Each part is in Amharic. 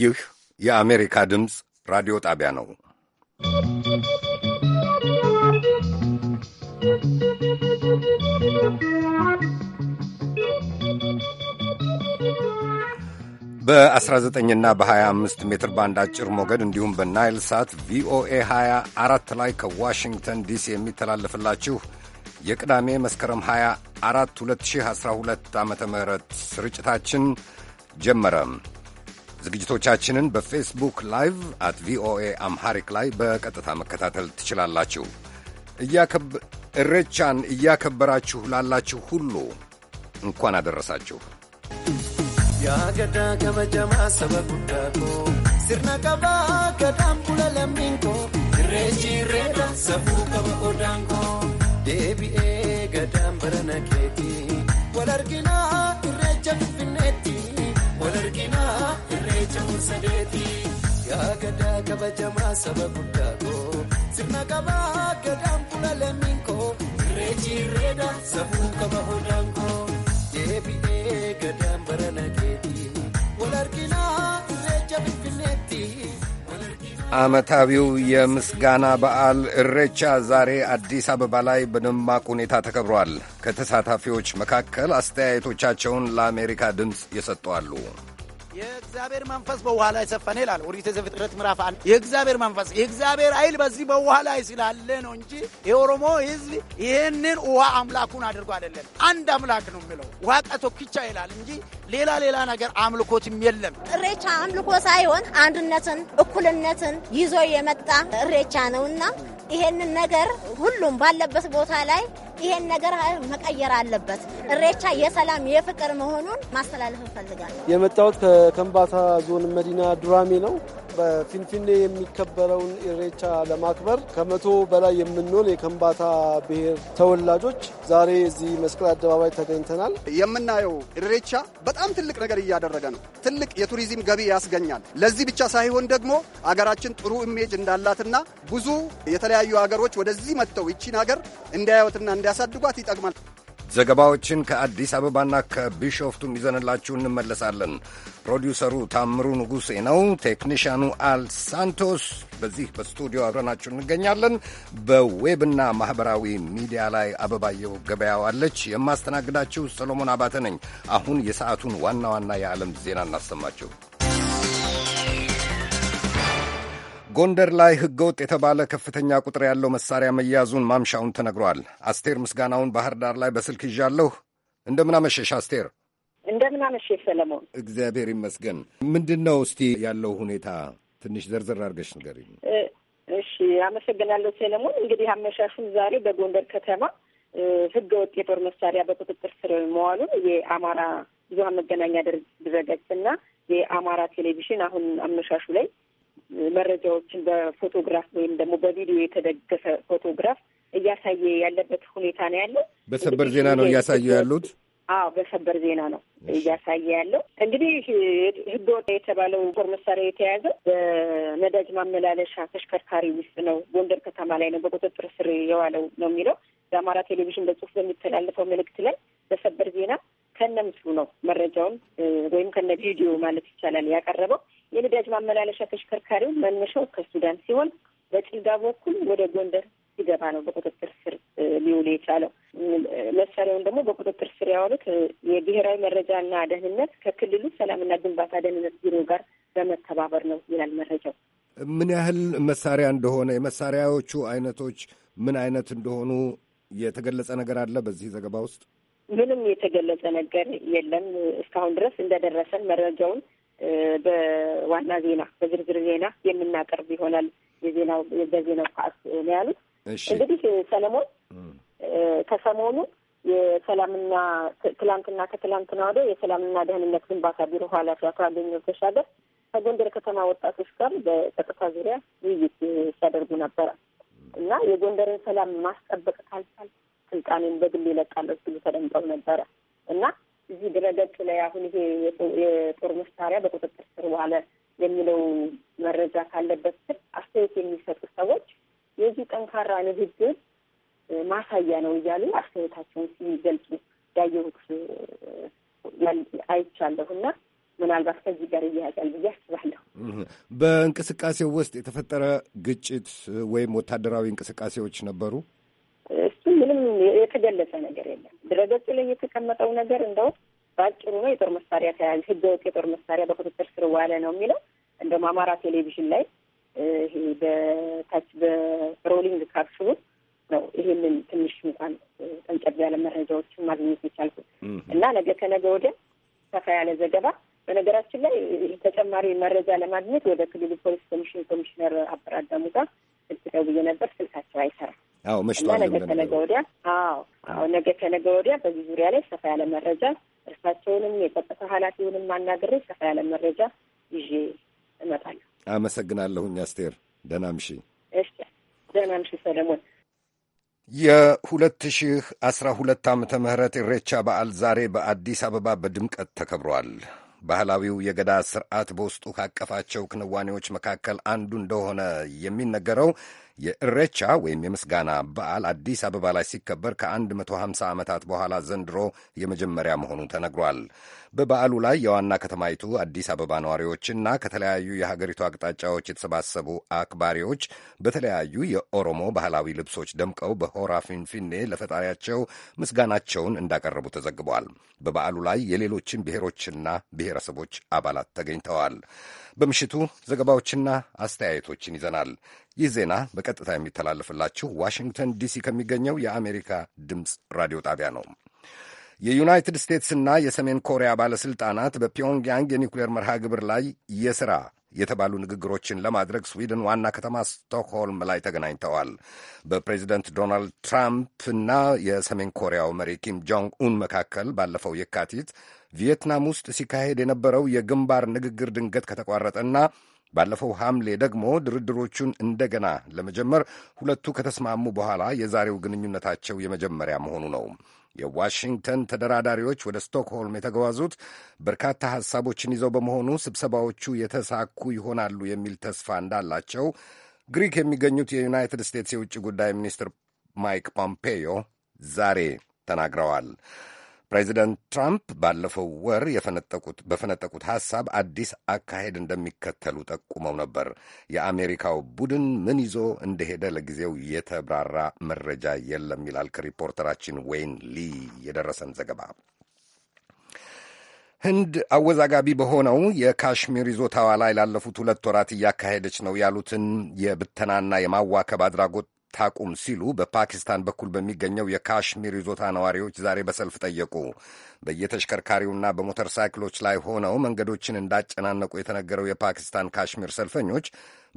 ይህ የአሜሪካ ድምፅ ራዲዮ ጣቢያ ነው። በ19ና በ25 ሜትር ባንድ አጭር ሞገድ እንዲሁም በናይል ሳት ቪኦኤ 24 ላይ ከዋሽንግተን ዲሲ የሚተላለፍላችሁ የቅዳሜ መስከረም 24 2012 ዓ ም ስርጭታችን ጀመረ። ዝግጅቶቻችንን በፌስቡክ ላይቭ አት ቪኦኤ አምሃሪክ ላይ በቀጥታ መከታተል ትችላላችሁ። እሬቻን እያከበራችሁ ላላችሁ ሁሉ እንኳን አደረሳችሁ። Deebi'ee gadaan bara ገዳም በረነኬቲ ወለርጊና kan sadeeti yaa gadaa kabajamaa saba guddaa koo sirna qabaa gadaan bulaalee miinkoo reechi reeda sabuu qaba hodaan koo deebi'ee gadaan barana keeti wal arginaa irreecha finfinneetti. ዓመታዊው የምስጋና በዓል እሬቻ ዛሬ አዲስ አበባ ላይ በደማቅ ሁኔታ ተከብሯል። ከተሳታፊዎች መካከል አስተያየቶቻቸውን ለአሜሪካ ድምፅ የሰጡ አሉ። የእግዚአብሔር መንፈስ በውሃ ላይ ሰፈነ ይላል ኦሪት ዘፍጥረት ምዕራፍ አንድ የእግዚአብሔር መንፈስ የእግዚአብሔር ኃይል በዚህ በውሃ ላይ ስላለ ነው እንጂ የኦሮሞ ህዝብ ይህንን ውሃ አምላኩን አድርጎ አይደለም። አንድ አምላክ ነው የሚለው ውሃ ቀቶ ይላል እንጂ ሌላ ሌላ ነገር አምልኮትም የለም። እሬቻ አምልኮ ሳይሆን አንድነትን፣ እኩልነትን ይዞ የመጣ እሬቻ ነውና ይሄንን ነገር ሁሉም ባለበት ቦታ ላይ ይሄን ነገር መቀየር አለበት። እሬቻ የሰላም የፍቅር መሆኑን ማስተላለፍ እንፈልጋለን። የመጣሁት ከከምባታ ዞን መዲና ዱራሜ ነው። በፊንፊኔ የሚከበረውን ኢሬቻ ለማክበር ከመቶ በላይ የምንሆን የከምባታ ብሔር ተወላጆች ዛሬ እዚህ መስቀል አደባባይ ተገኝተናል። የምናየው ኢሬቻ በጣም ትልቅ ነገር እያደረገ ነው። ትልቅ የቱሪዝም ገቢ ያስገኛል። ለዚህ ብቻ ሳይሆን ደግሞ አገራችን ጥሩ ኢሜጅ እንዳላትና ብዙ የተለያዩ ሀገሮች ወደዚህ መጥተው ይቺን ሀገር እንዲያዩትና እንዲያሳድጓት ይጠቅማል። ዘገባዎችን ከአዲስ አበባና ከቢሾፍቱም ይዘንላችሁ እንመለሳለን። ፕሮዲውሰሩ ታምሩ ንጉሴ ነው። ቴክኒሽያኑ አል ሳንቶስ። በዚህ በስቱዲዮ አብረናችሁ እንገኛለን። በዌብና ማኅበራዊ ሚዲያ ላይ አበባየሁ ገበያዋለች። የማስተናግዳችሁ ሰሎሞን አባተ ነኝ። አሁን የሰዓቱን ዋና ዋና የዓለም ዜና እናሰማችሁ። ጎንደር ላይ ህገወጥ የተባለ ከፍተኛ ቁጥር ያለው መሳሪያ መያዙን ማምሻውን ተነግሯል። አስቴር ምስጋናውን ባህር ዳር ላይ በስልክ ይዣለሁ። እንደምናመሸሽ አስቴር። እንደምናመሸሽ ሰለሞን። እግዚአብሔር ይመስገን። ምንድን ነው እስቲ ያለው ሁኔታ ትንሽ ዘርዘር አድርገሽ ንገሪኝ። እሺ፣ አመሰግናለሁ ሰለሞን። እንግዲህ አመሻሹን ዛሬ በጎንደር ከተማ ህገ ወጥ የጦር መሳሪያ በቁጥጥር ስር መዋሉን የአማራ ብዙሀን መገናኛ ድረገጽ እና የአማራ ቴሌቪዥን አሁን አመሻሹ ላይ መረጃዎችን በፎቶግራፍ ወይም ደግሞ በቪዲዮ የተደገፈ ፎቶግራፍ እያሳየ ያለበት ሁኔታ ነው ያለው። በሰበር ዜና ነው እያሳዩ ያሉት። አዎ በሰበር ዜና ነው እያሳየ ያለው። እንግዲህ ህገወጥ የተባለው ጦር መሳሪያ የተያዘ በነዳጅ ማመላለሻ ተሽከርካሪ ውስጥ ነው፣ ጎንደር ከተማ ላይ ነው በቁጥጥር ስር የዋለው ነው የሚለው በአማራ ቴሌቪዥን በጽሁፍ በሚተላለፈው መልእክት ላይ በሰበር ዜና ከነ ምስሉ ነው መረጃውን ወይም ከነ ቪዲዮ ማለት ይቻላል ያቀረበው። የነዳጅ ማመላለሻ ተሽከርካሪው መነሻው ከሱዳን ሲሆን በጭልጋ በኩል ወደ ጎንደር ሲገባ ነው በቁጥጥር ስር ሊውል የቻለው። መሳሪያውን ደግሞ በቁጥጥር ስር ያዋሉት የብሔራዊ መረጃና ደህንነት ከክልሉ ሰላምና ግንባታ ደህንነት ቢሮ ጋር በመተባበር ነው ይላል መረጃው። ምን ያህል መሳሪያ እንደሆነ የመሳሪያዎቹ አይነቶች ምን አይነት እንደሆኑ የተገለጸ ነገር አለ በዚህ ዘገባ ውስጥ? ምንም የተገለጸ ነገር የለም። እስካሁን ድረስ እንደደረሰን መረጃውን በዋና ዜና በዝርዝር ዜና የምናቀርብ ይሆናል። የዜናው በዜናው ሰዓት ነው ያሉት። እንግዲህ ሰለሞን ከሰሞኑ የሰላምና ትላንትና ከትላንትና ወደ የሰላምና ደህንነት ግንባታ ቢሮ ኃላፊ አቶ አገኘሁ ተሻገር ከጎንደር ከተማ ወጣቶች ጋር በጸጥታ ዙሪያ ውይይት ሲያደርጉ ነበረ እና የጎንደርን ሰላም ማስጠበቅ ካልቻል ስልጣኔን በግል ይለቃለሁ ሲሉ ተደምጠው ነበረ እና እዚህ ድረገጽ ላይ አሁን ይሄ የጦር መሳሪያ በቁጥጥር ስር ዋለ የሚለው መረጃ ካለበት ስር አስተያየት የሚሰጡ ሰዎች የዚህ ጠንካራ ንግግር ማሳያ ነው እያሉ አስተያየታቸውን ሲገልጹ ያየሁት አይቻለሁ እና ምናልባት ከዚህ ጋር እያያዛል ብዬ አስባለሁ። በእንቅስቃሴው ውስጥ የተፈጠረ ግጭት ወይም ወታደራዊ እንቅስቃሴዎች ነበሩ? እሱ ምንም የተገለጸ ነገር የለም። ድረገጽ ላይ የተቀመጠው ነገር እንደው በአጭሩ ነው የጦር መሳሪያ ህገ ወጥ የጦር መሳሪያ በቁጥጥር ስር ዋለ ነው የሚለው። እንደውም አማራ ቴሌቪዥን ላይ ይሄ በታች በሮሊንግ ካፕሽኑ ነው ይሄንን ትንሽ እንኳን ጠንጨብ ያለ መረጃዎችን ማግኘት የቻልኩት እና ነገ ከነገ ወደ ሰፋ ያለ ዘገባ በነገራችን ላይ ተጨማሪ መረጃ ለማግኘት ወደ ክልሉ ፖሊስ ኮሚሽን ኮሚሽነር አበራዳሙ ጋር ስልክ ደውዬ ነበር። ስልካቸው አይሰራም። አዎ መሽቷል። ነገ ከነገ ወዲያ አዎ አዎ ነገ ከነገ ወዲያ በዚህ ዙሪያ ላይ ሰፋ ያለ መረጃ እርሳቸውንም የጸጥታ ኃላፊውንም ማናገሬ ሰፋ ያለ መረጃ ይዤ እመጣለሁ። አመሰግናለሁኝ አስቴር። ደህና ምሺ። እሺ ደህና ምሺ ሰለሞን። የ2012 ዓመተ ምህረት ኢሬቻ በዓል ዛሬ በአዲስ አበባ በድምቀት ተከብሯል። ባህላዊው የገዳ ስርዓት በውስጡ ካቀፋቸው ክንዋኔዎች መካከል አንዱ እንደሆነ የሚነገረው የእሬቻ ወይም የምስጋና በዓል አዲስ አበባ ላይ ሲከበር ከ150 ዓመታት በኋላ ዘንድሮ የመጀመሪያ መሆኑ ተነግሯል። በበዓሉ ላይ የዋና ከተማይቱ አዲስ አበባ ነዋሪዎችና ከተለያዩ የሀገሪቱ አቅጣጫዎች የተሰባሰቡ አክባሪዎች በተለያዩ የኦሮሞ ባህላዊ ልብሶች ደምቀው በሆራ ፊንፊኔ ለፈጣሪያቸው ምስጋናቸውን እንዳቀረቡ ተዘግቧል። በበዓሉ ላይ የሌሎችን ብሔሮችና ብሔረሰቦች አባላት ተገኝተዋል። በምሽቱ ዘገባዎችና አስተያየቶችን ይዘናል። ይህ ዜና በቀጥታ የሚተላለፍላችሁ ዋሽንግተን ዲሲ ከሚገኘው የአሜሪካ ድምፅ ራዲዮ ጣቢያ ነው። የዩናይትድ ስቴትስና የሰሜን ኮሪያ ባለሥልጣናት በፒዮንግያንግ የኒውክሌር መርሃ ግብር ላይ የሥራ የተባሉ ንግግሮችን ለማድረግ ስዊድን ዋና ከተማ ስቶክሆልም ላይ ተገናኝተዋል። በፕሬዚደንት ዶናልድ ትራምፕ ና የሰሜን ኮሪያው መሪ ኪም ጆንግ ኡን መካከል ባለፈው የካቲት ቪየትናም ውስጥ ሲካሄድ የነበረው የግንባር ንግግር ድንገት ከተቋረጠና ባለፈው ሐምሌ ደግሞ ድርድሮቹን እንደገና ለመጀመር ሁለቱ ከተስማሙ በኋላ የዛሬው ግንኙነታቸው የመጀመሪያ መሆኑ ነው። የዋሽንግተን ተደራዳሪዎች ወደ ስቶክሆልም የተጓዙት በርካታ ሐሳቦችን ይዘው በመሆኑ ስብሰባዎቹ የተሳኩ ይሆናሉ የሚል ተስፋ እንዳላቸው ግሪክ የሚገኙት የዩናይትድ ስቴትስ የውጭ ጉዳይ ሚኒስትር ማይክ ፖምፔዮ ዛሬ ተናግረዋል። ፕሬዚደንት ትራምፕ ባለፈው ወር የፈነጠቁት በፈነጠቁት ሐሳብ አዲስ አካሄድ እንደሚከተሉ ጠቁመው ነበር። የአሜሪካው ቡድን ምን ይዞ እንደሄደ ለጊዜው የተብራራ መረጃ የለም ይላል ከሪፖርተራችን ዌይን ሊ የደረሰን ዘገባ። ህንድ አወዛጋቢ በሆነው የካሽሚር ይዞታዋ ላይ ላለፉት ሁለት ወራት እያካሄደች ነው ያሉትን የብተናና የማዋከብ አድራጎት አታቁም ሲሉ በፓኪስታን በኩል በሚገኘው የካሽሚር ይዞታ ነዋሪዎች ዛሬ በሰልፍ ጠየቁ። በየተሽከርካሪውና በሞተር ሳይክሎች ላይ ሆነው መንገዶችን እንዳጨናነቁ የተነገረው የፓኪስታን ካሽሚር ሰልፈኞች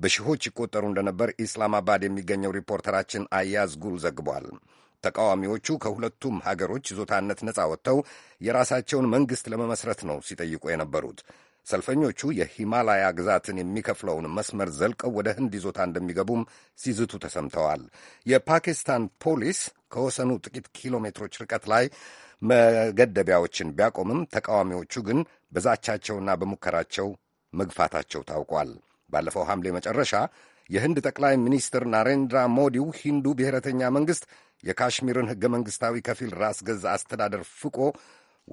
በሺዎች ይቆጠሩ እንደነበር ኢስላማባድ የሚገኘው ሪፖርተራችን አያዝ ጉል ዘግቧል። ተቃዋሚዎቹ ከሁለቱም ሀገሮች ይዞታነት ነፃ ወጥተው የራሳቸውን መንግሥት ለመመስረት ነው ሲጠይቁ የነበሩት። ሰልፈኞቹ የሂማላያ ግዛትን የሚከፍለውን መስመር ዘልቀው ወደ ህንድ ይዞታ እንደሚገቡም ሲዝቱ ተሰምተዋል። የፓኪስታን ፖሊስ ከወሰኑ ጥቂት ኪሎ ሜትሮች ርቀት ላይ መገደቢያዎችን ቢያቆምም ተቃዋሚዎቹ ግን በዛቻቸውና በሙከራቸው መግፋታቸው ታውቋል። ባለፈው ሐምሌ መጨረሻ የህንድ ጠቅላይ ሚኒስትር ናሬንድራ ሞዲው ሂንዱ ብሔረተኛ መንግሥት የካሽሚርን ሕገ መንግሥታዊ ከፊል ራስ ገዝ አስተዳደር ፍቆ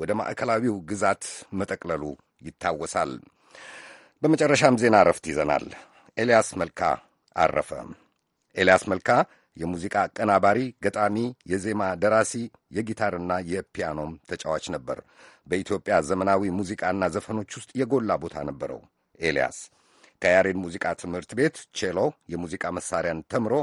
ወደ ማዕከላዊው ግዛት መጠቅለሉ ይታወሳል። በመጨረሻም ዜና እረፍት ይዘናል። ኤልያስ መልካ አረፈ። ኤልያስ መልካ የሙዚቃ አቀናባሪ፣ ገጣሚ፣ የዜማ ደራሲ፣ የጊታርና የፒያኖም ተጫዋች ነበር። በኢትዮጵያ ዘመናዊ ሙዚቃና ዘፈኖች ውስጥ የጎላ ቦታ ነበረው። ኤልያስ ከያሬድ ሙዚቃ ትምህርት ቤት ቼሎ የሙዚቃ መሳሪያን ተምሮ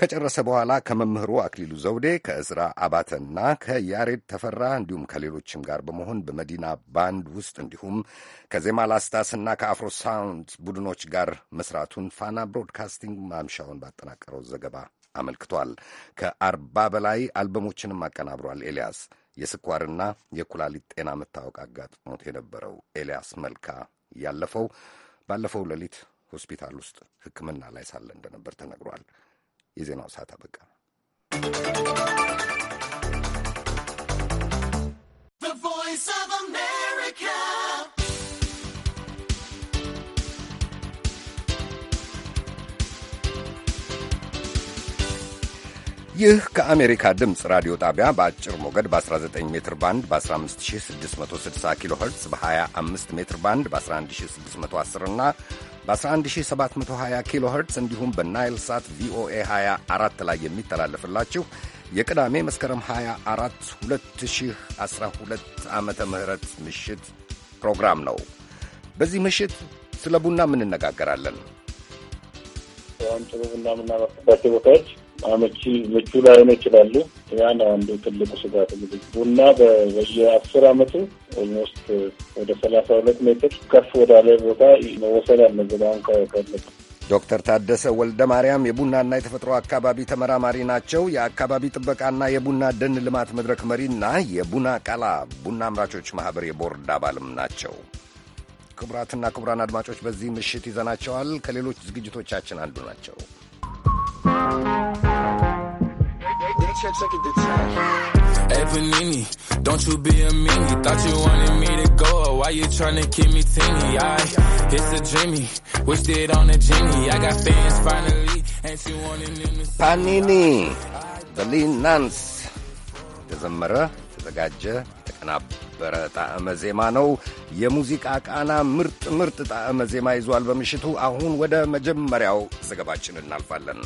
ከጨረሰ በኋላ ከመምህሩ አክሊሉ ዘውዴ ከእዝራ አባተና ከያሬድ ተፈራ እንዲሁም ከሌሎችም ጋር በመሆን በመዲና ባንድ ውስጥ እንዲሁም ከዜማ ላስታስና ከአፍሮ ሳውንድ ቡድኖች ጋር መስራቱን ፋና ብሮድካስቲንግ ማምሻውን ባጠናቀረው ዘገባ አመልክቷል። ከአርባ በላይ አልበሞችንም አቀናብሯል። ኤልያስ የስኳርና የኩላሊት ጤና መታወቅ አጋጥሞት የነበረው ኤልያስ መልካ ያለፈው ባለፈው ሌሊት ሆስፒታል ውስጥ ሕክምና ላይ ሳለ እንደነበር ተነግሯል። የዜናው ሰዓት አበቃ። ይህ ከአሜሪካ ድምፅ ራዲዮ ጣቢያ በአጭር ሞገድ በ19 ሜትር ባንድ በ15660 ኪሎ ኸርትዝ በ25 ሜትር ባንድ በ11610 እና በ11720 ኪሎ ኸርትዝ እንዲሁም በናይል ሳት ቪኦኤ 24 ላይ የሚተላለፍላችሁ የቅዳሜ መስከረም 24 2012 ዓመተ ምህረት ምሽት ፕሮግራም ነው። በዚህ ምሽት ስለ ቡና ምን እንነጋገራለን። ጥሩ ቡና የምናመርትባቸው ቦታዎች አመቺ ምቹ ላይሆኑ ይችላሉ። ያ ነው አንዱ ትልቁ ስጋት። እንግዲህ ቡና በየአስር አመቱ ኦልሞስት ወደ ሰላሳ ሁለት ሜትር ከፍ ወዳለ ቦታ መወሰድ አለበት። አሁን ከለቅ ዶክተር ታደሰ ወልደ ማርያም የቡናና የተፈጥሮ አካባቢ ተመራማሪ ናቸው። የአካባቢ ጥበቃና የቡና ደን ልማት መድረክ መሪና የቡና ቃላ ቡና አምራቾች ማኅበር የቦርድ አባልም ናቸው። ክቡራትና ክቡራን አድማጮች በዚህ ምሽት ይዘናቸዋል። ከሌሎች ዝግጅቶቻችን አንዱ ናቸው። Hey Panini, don't you be a meanie. Thought you wanted me to go, or why you tryna keep me teeny? I, it's a dreamy, wished it on a genie. I got fans finally, and she wanted me to Panini, the lean nuns. There's nance. ተዘመረ፣ ተዘጋጀ፣ ተቀናበረ ጣዕመ ዜማ ነው። የሙዚቃ ቃና ምርጥ ምርጥ ጣዕመ ዜማ ይዟል በምሽቱ። አሁን ወደ መጀመሪያው ዘገባችን እናልፋለን።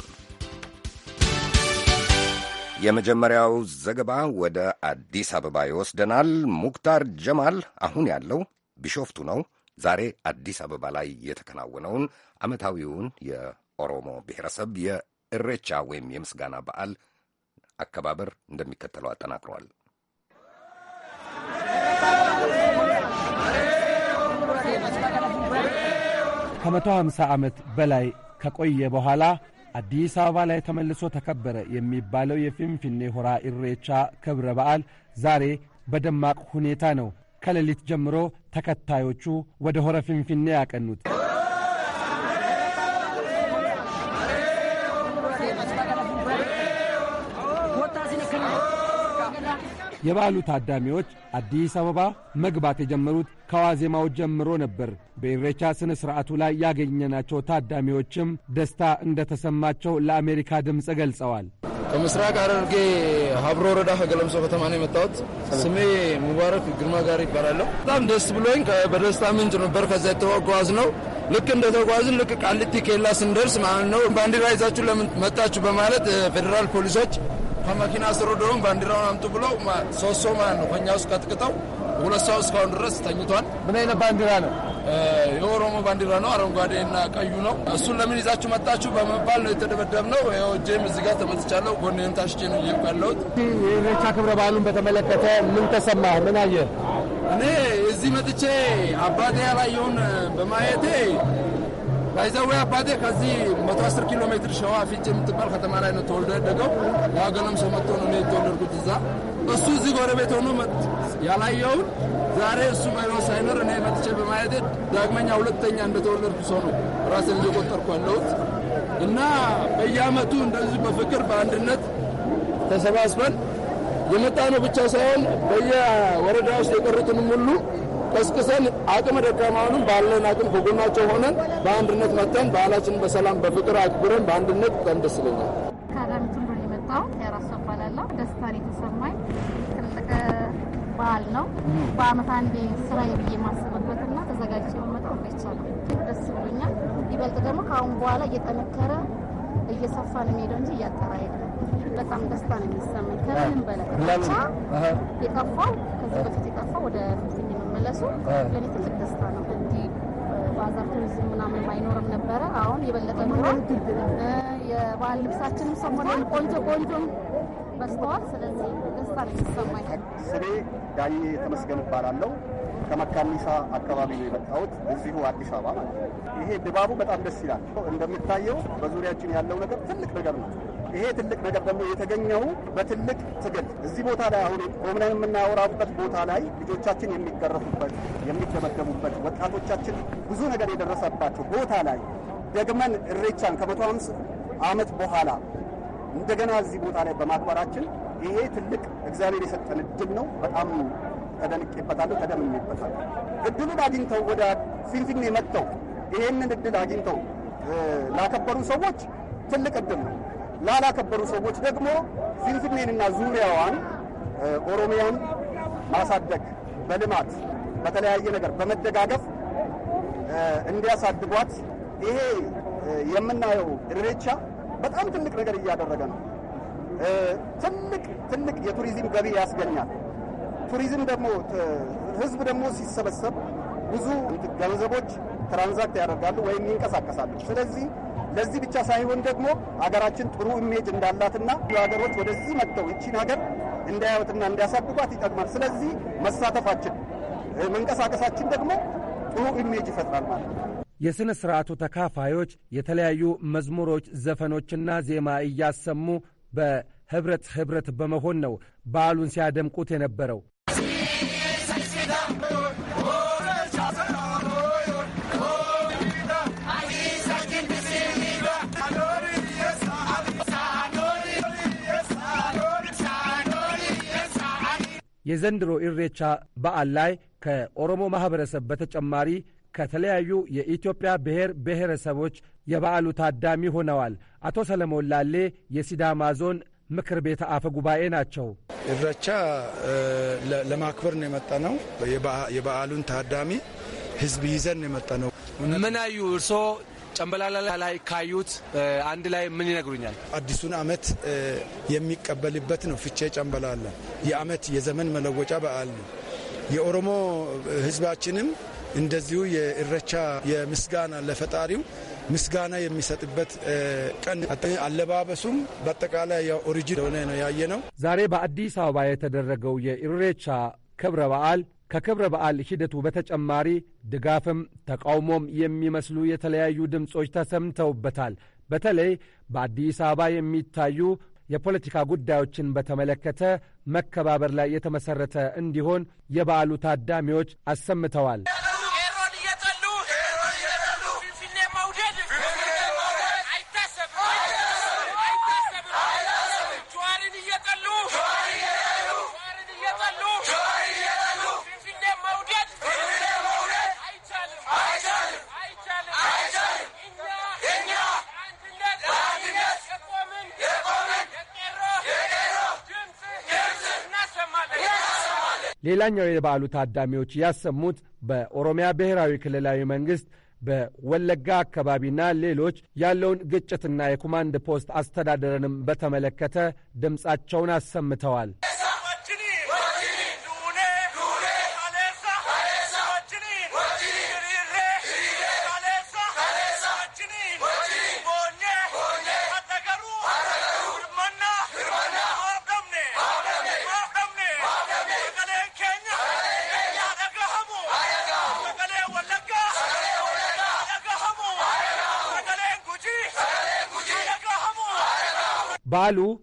የመጀመሪያው ዘገባ ወደ አዲስ አበባ ይወስደናል። ሙክታር ጀማል አሁን ያለው ቢሾፍቱ ነው። ዛሬ አዲስ አበባ ላይ የተከናወነውን ዓመታዊውን የኦሮሞ ብሔረሰብ የእሬቻ ወይም የምስጋና በዓል አከባበር እንደሚከተለው አጠናቅረዋል። ከመቶ ሃምሳ ዓመት በላይ ከቆየ በኋላ አዲስ አበባ ላይ ተመልሶ ተከበረ የሚባለው የፊንፊኔ ሆራ ኢሬቻ ክብረ በዓል ዛሬ በደማቅ ሁኔታ ነው ከሌሊት ጀምሮ ተከታዮቹ ወደ ሆረ ፊንፊኔ ያቀኑት። የበዓሉ ታዳሚዎች አዲስ አበባ መግባት የጀመሩት ከዋዜማው ጀምሮ ነበር። በኢሬቻ ሥነ ሥርዓቱ ላይ ያገኘናቸው ታዳሚዎችም ደስታ እንደተሰማቸው ለአሜሪካ ድምፅ ገልጸዋል። ከምስራቅ ሐረርጌ ሀብሮ ወረዳ ከገለምሶ ከተማ ነው የመጣሁት። ስሜ ሙባረክ ግርማ ጋር ይባላለሁ። በጣም ደስ ብሎኝ በደስታ ምንጭ ነበር። ከዛ የተጓጓዝ ነው ልክ እንደተጓዝን ልክ ቃሊቲ ኬላ ስንደርስ ማለት ነው ባንዲራ ይዛችሁ ለምን መጣችሁ በማለት ፌዴራል ፖሊሶች ከመኪና አስሮ ደሆን ባንዲራውን አምጡ ብለው ሶስት ሰው ማለት ነው ከኛ ውስጥ ቀጥቅጠው ሁለት ሰው እስካሁን ድረስ ተኝቷል። ምን አይነት ባንዲራ ነው? የኦሮሞ ባንዲራ ነው። አረንጓዴ እና ቀዩ ነው። እሱን ለምን ይዛችሁ መጣችሁ በመባል ነው የተደበደብነው። ይኸው እጄም እዚህ ጋር ተመትቻለሁ፣ ጎኔም ታሽቼ ነው እየሄድኩ ያለሁት። የኢሬቻ ክብረ በዓሉን በተመለከተ ምን ተሰማ? ምን አየህ? እኔ እዚህ መጥቼ አባቴ ያላየውን በማየቴ ባይዘው አባቴ ከዚህ 110 ኪሎ ሜትር ሸዋ ፊጭ የምትባል ከተማ ላይ ነው ተወልዶ ያደገው። ዋገለም ሰመቶ ነው እኔ የተወለድኩት እዛ። እሱ እዚህ ጎረቤት ሆኖ ያላየውን ዛሬ እሱ በሕይወት ሳይኖር እኔ መጥቼ በማየት ዳግመኛ ሁለተኛ እንደተወለድኩ ሰው ነው ራሴን እየቆጠርኩ ያለሁት እና በየአመቱ እንደዚህ በፍቅር በአንድነት ተሰባስበን የመጣ ነው ብቻ ሳይሆን በየወረዳ ውስጥ የቀሩትንም ሁሉ ቀስቅሰን አቅመ ደካማውንም ባለን አቅም ከጎናቸው ሆነን በአንድነት መጥተን ባህላችንን በሰላም በፍቅር አክብረን በአንድነት ቀን ደስ ይለኛል። ከአዳሚቱ ዱር የመጣው የራሱ እባላለሁ። ደስታን የተሰማኝ ትልቅ በዓል ነው። በአመት አንዴ ስራ ብዬ ማስበበትና ተዘጋጅ የመመጣው ይቻላል። ደስ ብሎኛል። ይበልጥ ደግሞ ከአሁን በኋላ እየጠነከረ እየሰፋ ነው የሚሄደው እንጂ እያጠራ አይደለም። በጣም ደስታ ነው የሚሰማኝ ከምንም በላይ ብቻ የጠፋው ከዚህ በፊት የጠፋው ወደ መመለሱ ለእኔ ትልቅ ደስታ ነው። እንዲህ ባዛር ቱሪዝም ምናምን ባይኖርም ነበረ። አሁን የበለጠ ኖሯል። የባህል ልብሳችንም ሰሞኑን ቆንጆ ቆንጆ በስተዋል። ስለዚህ ደስታ ነው የሚሰማኝ። ስሜ ዳኜ ተመስገን እባላለሁ። ከመካኒሳ አካባቢ ነው የመጣሁት፣ እዚሁ አዲስ አበባ ማለት ነው። ይሄ ድባቡ በጣም ደስ ይላል። እንደሚታየው በዙሪያችን ያለው ነገር ትልቅ ነገር ነው። ይሄ ትልቅ ነገር ደግሞ የተገኘው በትልቅ ትግል እዚህ ቦታ ላይ አሁን ቆምነን የምናወራበት ቦታ ላይ ልጆቻችን የሚገረፉበት፣ የሚደመደሙበት፣ ወጣቶቻችን ብዙ ነገር የደረሰባቸው ቦታ ላይ ደግመን እሬቻን ከመቶ አምስት ዓመት በኋላ እንደገና እዚህ ቦታ ላይ በማክበራችን ይሄ ትልቅ እግዚአብሔር የሰጠን እድል ነው። በጣም ተደንቄበታለሁ፣ ተደምሜበታለሁ። እድሉን አግኝተው ወደ ፊንፊኔ መጥተው ይሄንን እድል አግኝተው ላከበሩ ሰዎች ትልቅ እድል ነው። ላላከበሩ ሰዎች ደግሞ ፊንፊኔንና ዙሪያዋን ኦሮሚያን ማሳደግ በልማት በተለያየ ነገር በመደጋገፍ እንዲያሳድጓት ይሄ የምናየው ኢሬቻ በጣም ትልቅ ነገር እያደረገ ነው። ትልቅ ትልቅ የቱሪዝም ገቢ ያስገኛል። ቱሪዝም ደግሞ ህዝብ ደግሞ ሲሰበሰብ ብዙ ገንዘቦች ትራንዛክት ያደርጋሉ ወይም ይንቀሳቀሳሉ። ስለዚህ ለዚህ ብቻ ሳይሆን ደግሞ ሀገራችን ጥሩ ኢሜጅ እንዳላትና ሀገሮች ወደዚህ መጥተው እቺን ሀገር እንዳያዩትና እንዲያሳድጓት ይጠቅማል። ስለዚህ መሳተፋችን መንቀሳቀሳችን ደግሞ ጥሩ ኢሜጅ ይፈጥራል ማለት ነው። የሥነ ሥርዓቱ ተካፋዮች የተለያዩ መዝሙሮች፣ ዘፈኖችና ዜማ እያሰሙ በህብረት ህብረት በመሆን ነው በዓሉን ሲያደምቁት የነበረው። የዘንድሮ ኢሬቻ በዓል ላይ ከኦሮሞ ማኅበረሰብ በተጨማሪ ከተለያዩ የኢትዮጵያ ብሔር ብሔረሰቦች የበዓሉ ታዳሚ ሆነዋል። አቶ ሰለሞን ላሌ የሲዳማ ዞን ምክር ቤት አፈ ጉባኤ ናቸው። ኢሬቻ ለማክበር ነው የመጣ ነው። የበዓሉን ታዳሚ ህዝብ ይዘን የመጣ ነው። ምን አዩ እርስዎ ጨምበላላ ላይ ካዩት አንድ ላይ ምን ይነግሩኛል? አዲሱን አመት የሚቀበልበት ነው። ፍቼ ጨምበላላ የአመት የዘመን መለወጫ በዓል ነው። የኦሮሞ ህዝባችንም እንደዚሁ የእረቻ የምስጋና ለፈጣሪው ምስጋና የሚሰጥበት ቀን አለባበሱም በአጠቃላይ የኦሪጂን ሆነ ነው ያየ ነው። ዛሬ በአዲስ አበባ የተደረገው የኢሬቻ ክብረ በዓል ከክብረ በዓል ሂደቱ በተጨማሪ ድጋፍም ተቃውሞም የሚመስሉ የተለያዩ ድምፆች ተሰምተውበታል። በተለይ በአዲስ አበባ የሚታዩ የፖለቲካ ጉዳዮችን በተመለከተ መከባበር ላይ የተመሠረተ እንዲሆን የበዓሉ ታዳሚዎች አሰምተዋል። ሌላኛው የበዓሉ ታዳሚዎች ያሰሙት በኦሮሚያ ብሔራዊ ክልላዊ መንግሥት በወለጋ አካባቢና ሌሎች ያለውን ግጭትና የኮማንድ ፖስት አስተዳደርንም በተመለከተ ድምፃቸውን አሰምተዋል።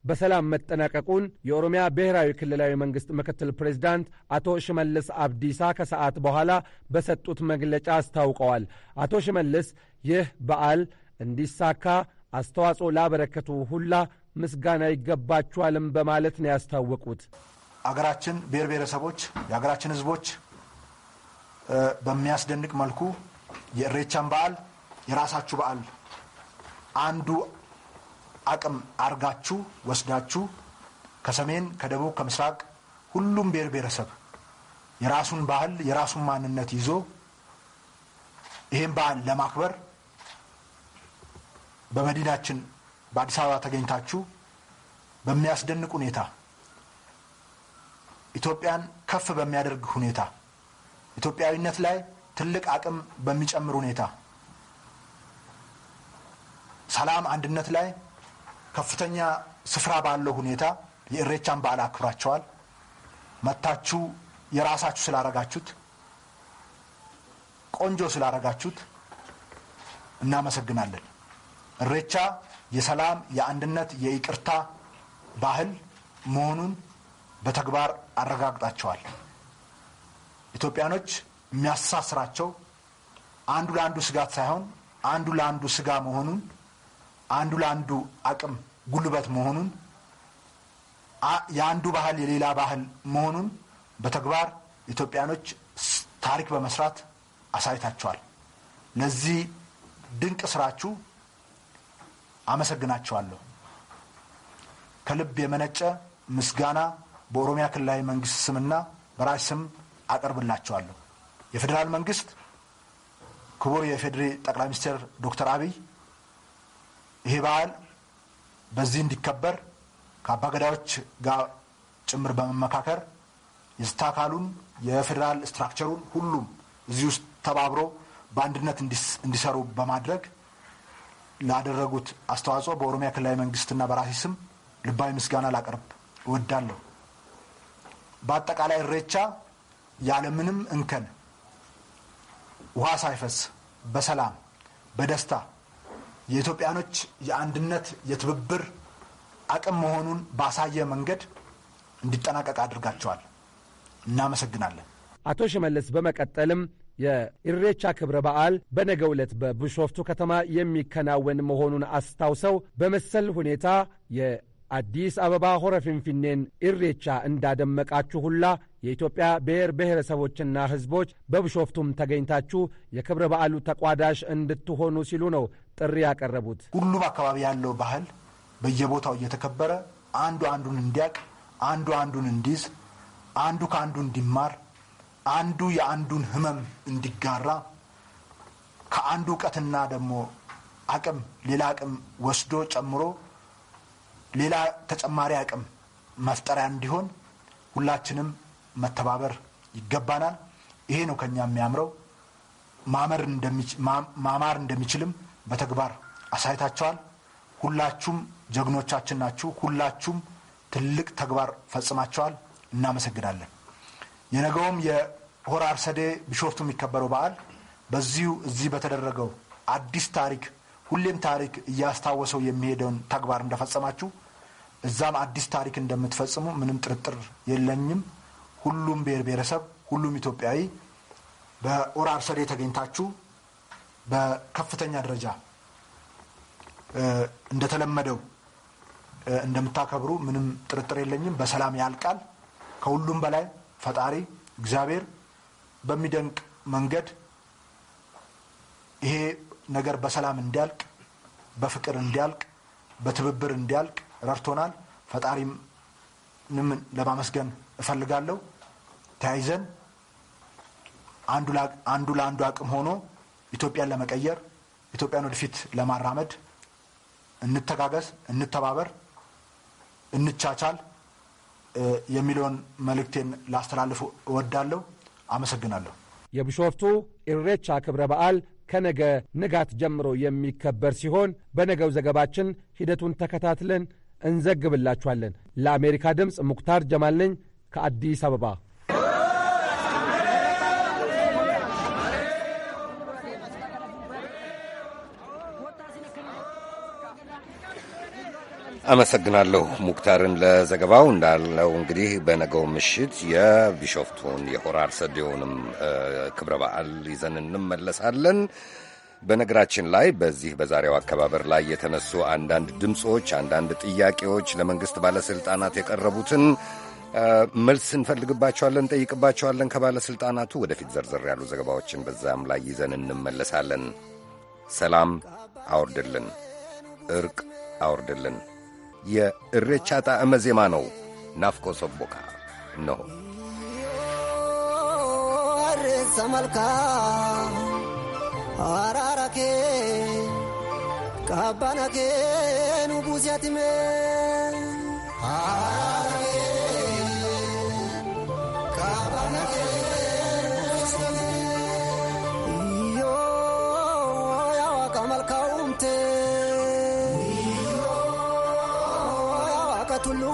በሰላም መጠናቀቁን የኦሮሚያ ብሔራዊ ክልላዊ መንግስት ምክትል ፕሬዚዳንት አቶ ሽመልስ አብዲሳ ከሰዓት በኋላ በሰጡት መግለጫ አስታውቀዋል። አቶ ሽመልስ ይህ በዓል እንዲሳካ አስተዋጽኦ ላበረከቱ ሁላ ምስጋና ይገባችኋልም በማለት ነው ያስታወቁት። አገራችን ብሔር ብሔረሰቦች፣ የሀገራችን ህዝቦች በሚያስደንቅ መልኩ የእሬቻን በዓል የራሳችሁ በዓል አንዱ አቅም አርጋችሁ ወስዳችሁ ከሰሜን፣ ከደቡብ፣ ከምስራቅ ሁሉም ብሔር ብሔረሰብ የራሱን ባህል የራሱን ማንነት ይዞ ይህን ባህል ለማክበር በመዲናችን በአዲስ አበባ ተገኝታችሁ በሚያስደንቅ ሁኔታ ኢትዮጵያን ከፍ በሚያደርግ ሁኔታ ኢትዮጵያዊነት ላይ ትልቅ አቅም በሚጨምር ሁኔታ ሰላም፣ አንድነት ላይ ከፍተኛ ስፍራ ባለው ሁኔታ የእሬቻን በዓል አክብራቸዋል። መታችሁ የራሳችሁ ስላረጋችሁት ቆንጆ ስላረጋችሁት እናመሰግናለን። እሬቻ የሰላም፣ የአንድነት፣ የይቅርታ ባህል መሆኑን በተግባር አረጋግጣቸዋል። ኢትዮጵያኖች የሚያሳስራቸው አንዱ ለአንዱ ስጋት ሳይሆን አንዱ ለአንዱ ስጋ መሆኑን አንዱ ለአንዱ አቅም ጉልበት መሆኑን፣ የአንዱ ባህል የሌላ ባህል መሆኑን በተግባር ኢትዮጵያኖች ታሪክ በመስራት አሳይታቸዋል። ለዚህ ድንቅ ስራችሁ አመሰግናቸዋለሁ። ከልብ የመነጨ ምስጋና በኦሮሚያ ክልላዊ መንግስት ስምና በራሽ ስም አቀርብላቸዋለሁ። የፌዴራል መንግስት ክቡር የፌዴሬ ጠቅላይ ሚኒስትር ዶክተር አብይ ይሄ በዓል በዚህ እንዲከበር ከአባገዳዮች ጋር ጭምር በመመካከር የስታ አካሉን የፌዴራል ስትራክቸሩን ሁሉም እዚህ ውስጥ ተባብሮ በአንድነት እንዲሰሩ በማድረግ ላደረጉት አስተዋጽኦ በኦሮሚያ ክልላዊ መንግስትና በራሴ ስም ልባዊ ምስጋና ላቀርብ እወዳለሁ። በአጠቃላይ እሬቻ ያለምንም እንከን ውሃ ሳይፈስ በሰላም በደስታ የኢትዮጵያኖች የአንድነት የትብብር አቅም መሆኑን ባሳየ መንገድ እንዲጠናቀቅ አድርጋቸዋል። እናመሰግናለን። አቶ ሽመልስ በመቀጠልም የኢሬቻ ክብረ በዓል በነገው ዕለት በቢሾፍቱ ከተማ የሚከናወን መሆኑን አስታውሰው በመሰል ሁኔታ የአዲስ አበባ ሆረ ፊንፊኔን ኢሬቻ እንዳደመቃችሁ ሁላ የኢትዮጵያ ብሔር ብሔረሰቦችና ሕዝቦች በብሾፍቱም ተገኝታችሁ የክብረ በዓሉ ተቋዳሽ እንድትሆኑ ሲሉ ነው ጥሪ ያቀረቡት። ሁሉም አካባቢ ያለው ባህል በየቦታው እየተከበረ አንዱ አንዱን እንዲያቅ አንዱ አንዱን እንዲይዝ፣ አንዱ ከአንዱ እንዲማር፣ አንዱ የአንዱን ህመም እንዲጋራ ከአንዱ እውቀትና ደግሞ አቅም ሌላ አቅም ወስዶ ጨምሮ ሌላ ተጨማሪ አቅም መፍጠሪያ እንዲሆን ሁላችንም መተባበር ይገባናል። ይሄ ነው ከኛ የሚያምረው። ማማር እንደሚችልም በተግባር አሳይታቸዋል። ሁላችሁም ጀግኖቻችን ናችሁ። ሁላችሁም ትልቅ ተግባር ፈጽማቸዋል። እናመሰግናለን። የነገውም የሆራ አርሰዴ ቢሾፍቱ የሚከበረው በዓል በዚሁ እዚህ በተደረገው አዲስ ታሪክ ሁሌም ታሪክ እያስታወሰው የሚሄደውን ተግባር እንደፈጸማችሁ እዛም አዲስ ታሪክ እንደምትፈጽሙ ምንም ጥርጥር የለኝም። ሁሉም ብሔር ብሔረሰብ፣ ሁሉም ኢትዮጵያዊ በኦራር ሰዴ ተገኝታችሁ በከፍተኛ ደረጃ እንደተለመደው እንደምታከብሩ ምንም ጥርጥር የለኝም። በሰላም ያልቃል። ከሁሉም በላይ ፈጣሪ እግዚአብሔር በሚደንቅ መንገድ ይሄ ነገር በሰላም እንዲያልቅ፣ በፍቅር እንዲያልቅ፣ በትብብር እንዲያልቅ ረድቶናል። ፈጣሪንም ለማመስገን እፈልጋለሁ። ተያይዘን አንዱ ለአንዱ አቅም ሆኖ ኢትዮጵያን ለመቀየር ኢትዮጵያን ወደፊት ለማራመድ እንተጋገዝ፣ እንተባበር፣ እንቻቻል የሚለውን መልእክቴን ላስተላልፍ እወዳለሁ። አመሰግናለሁ። የቢሾፍቱ ኢሬቻ ክብረ በዓል ከነገ ንጋት ጀምሮ የሚከበር ሲሆን በነገው ዘገባችን ሂደቱን ተከታትለን እንዘግብላችኋለን። ለአሜሪካ ድምፅ ሙክታር ጀማል ነኝ ከአዲስ አበባ። አመሰግናለሁ ሙክታርን ለዘገባው። እንዳለው እንግዲህ በነገው ምሽት የቢሾፍቱን የሆራር አርሰዴውንም ክብረ በዓል ይዘን እንመለሳለን። በነገራችን ላይ በዚህ በዛሬው አከባበር ላይ የተነሱ አንዳንድ ድምፆች፣ አንዳንድ ጥያቄዎች ለመንግሥት ባለሥልጣናት የቀረቡትን መልስ እንፈልግባቸዋለን፣ እንጠይቅባቸዋለን ከባለሥልጣናቱ። ወደፊት ዘርዘር ያሉ ዘገባዎችን በዛም ላይ ይዘን እንመለሳለን። ሰላም አውርድልን፣ እርቅ አውርድልን። የእሬቻ ጣዕመ ዜማ ነው። ናፍቆ ሰቦካ እነሆ ሰመልካ አራራኬ አራራኬ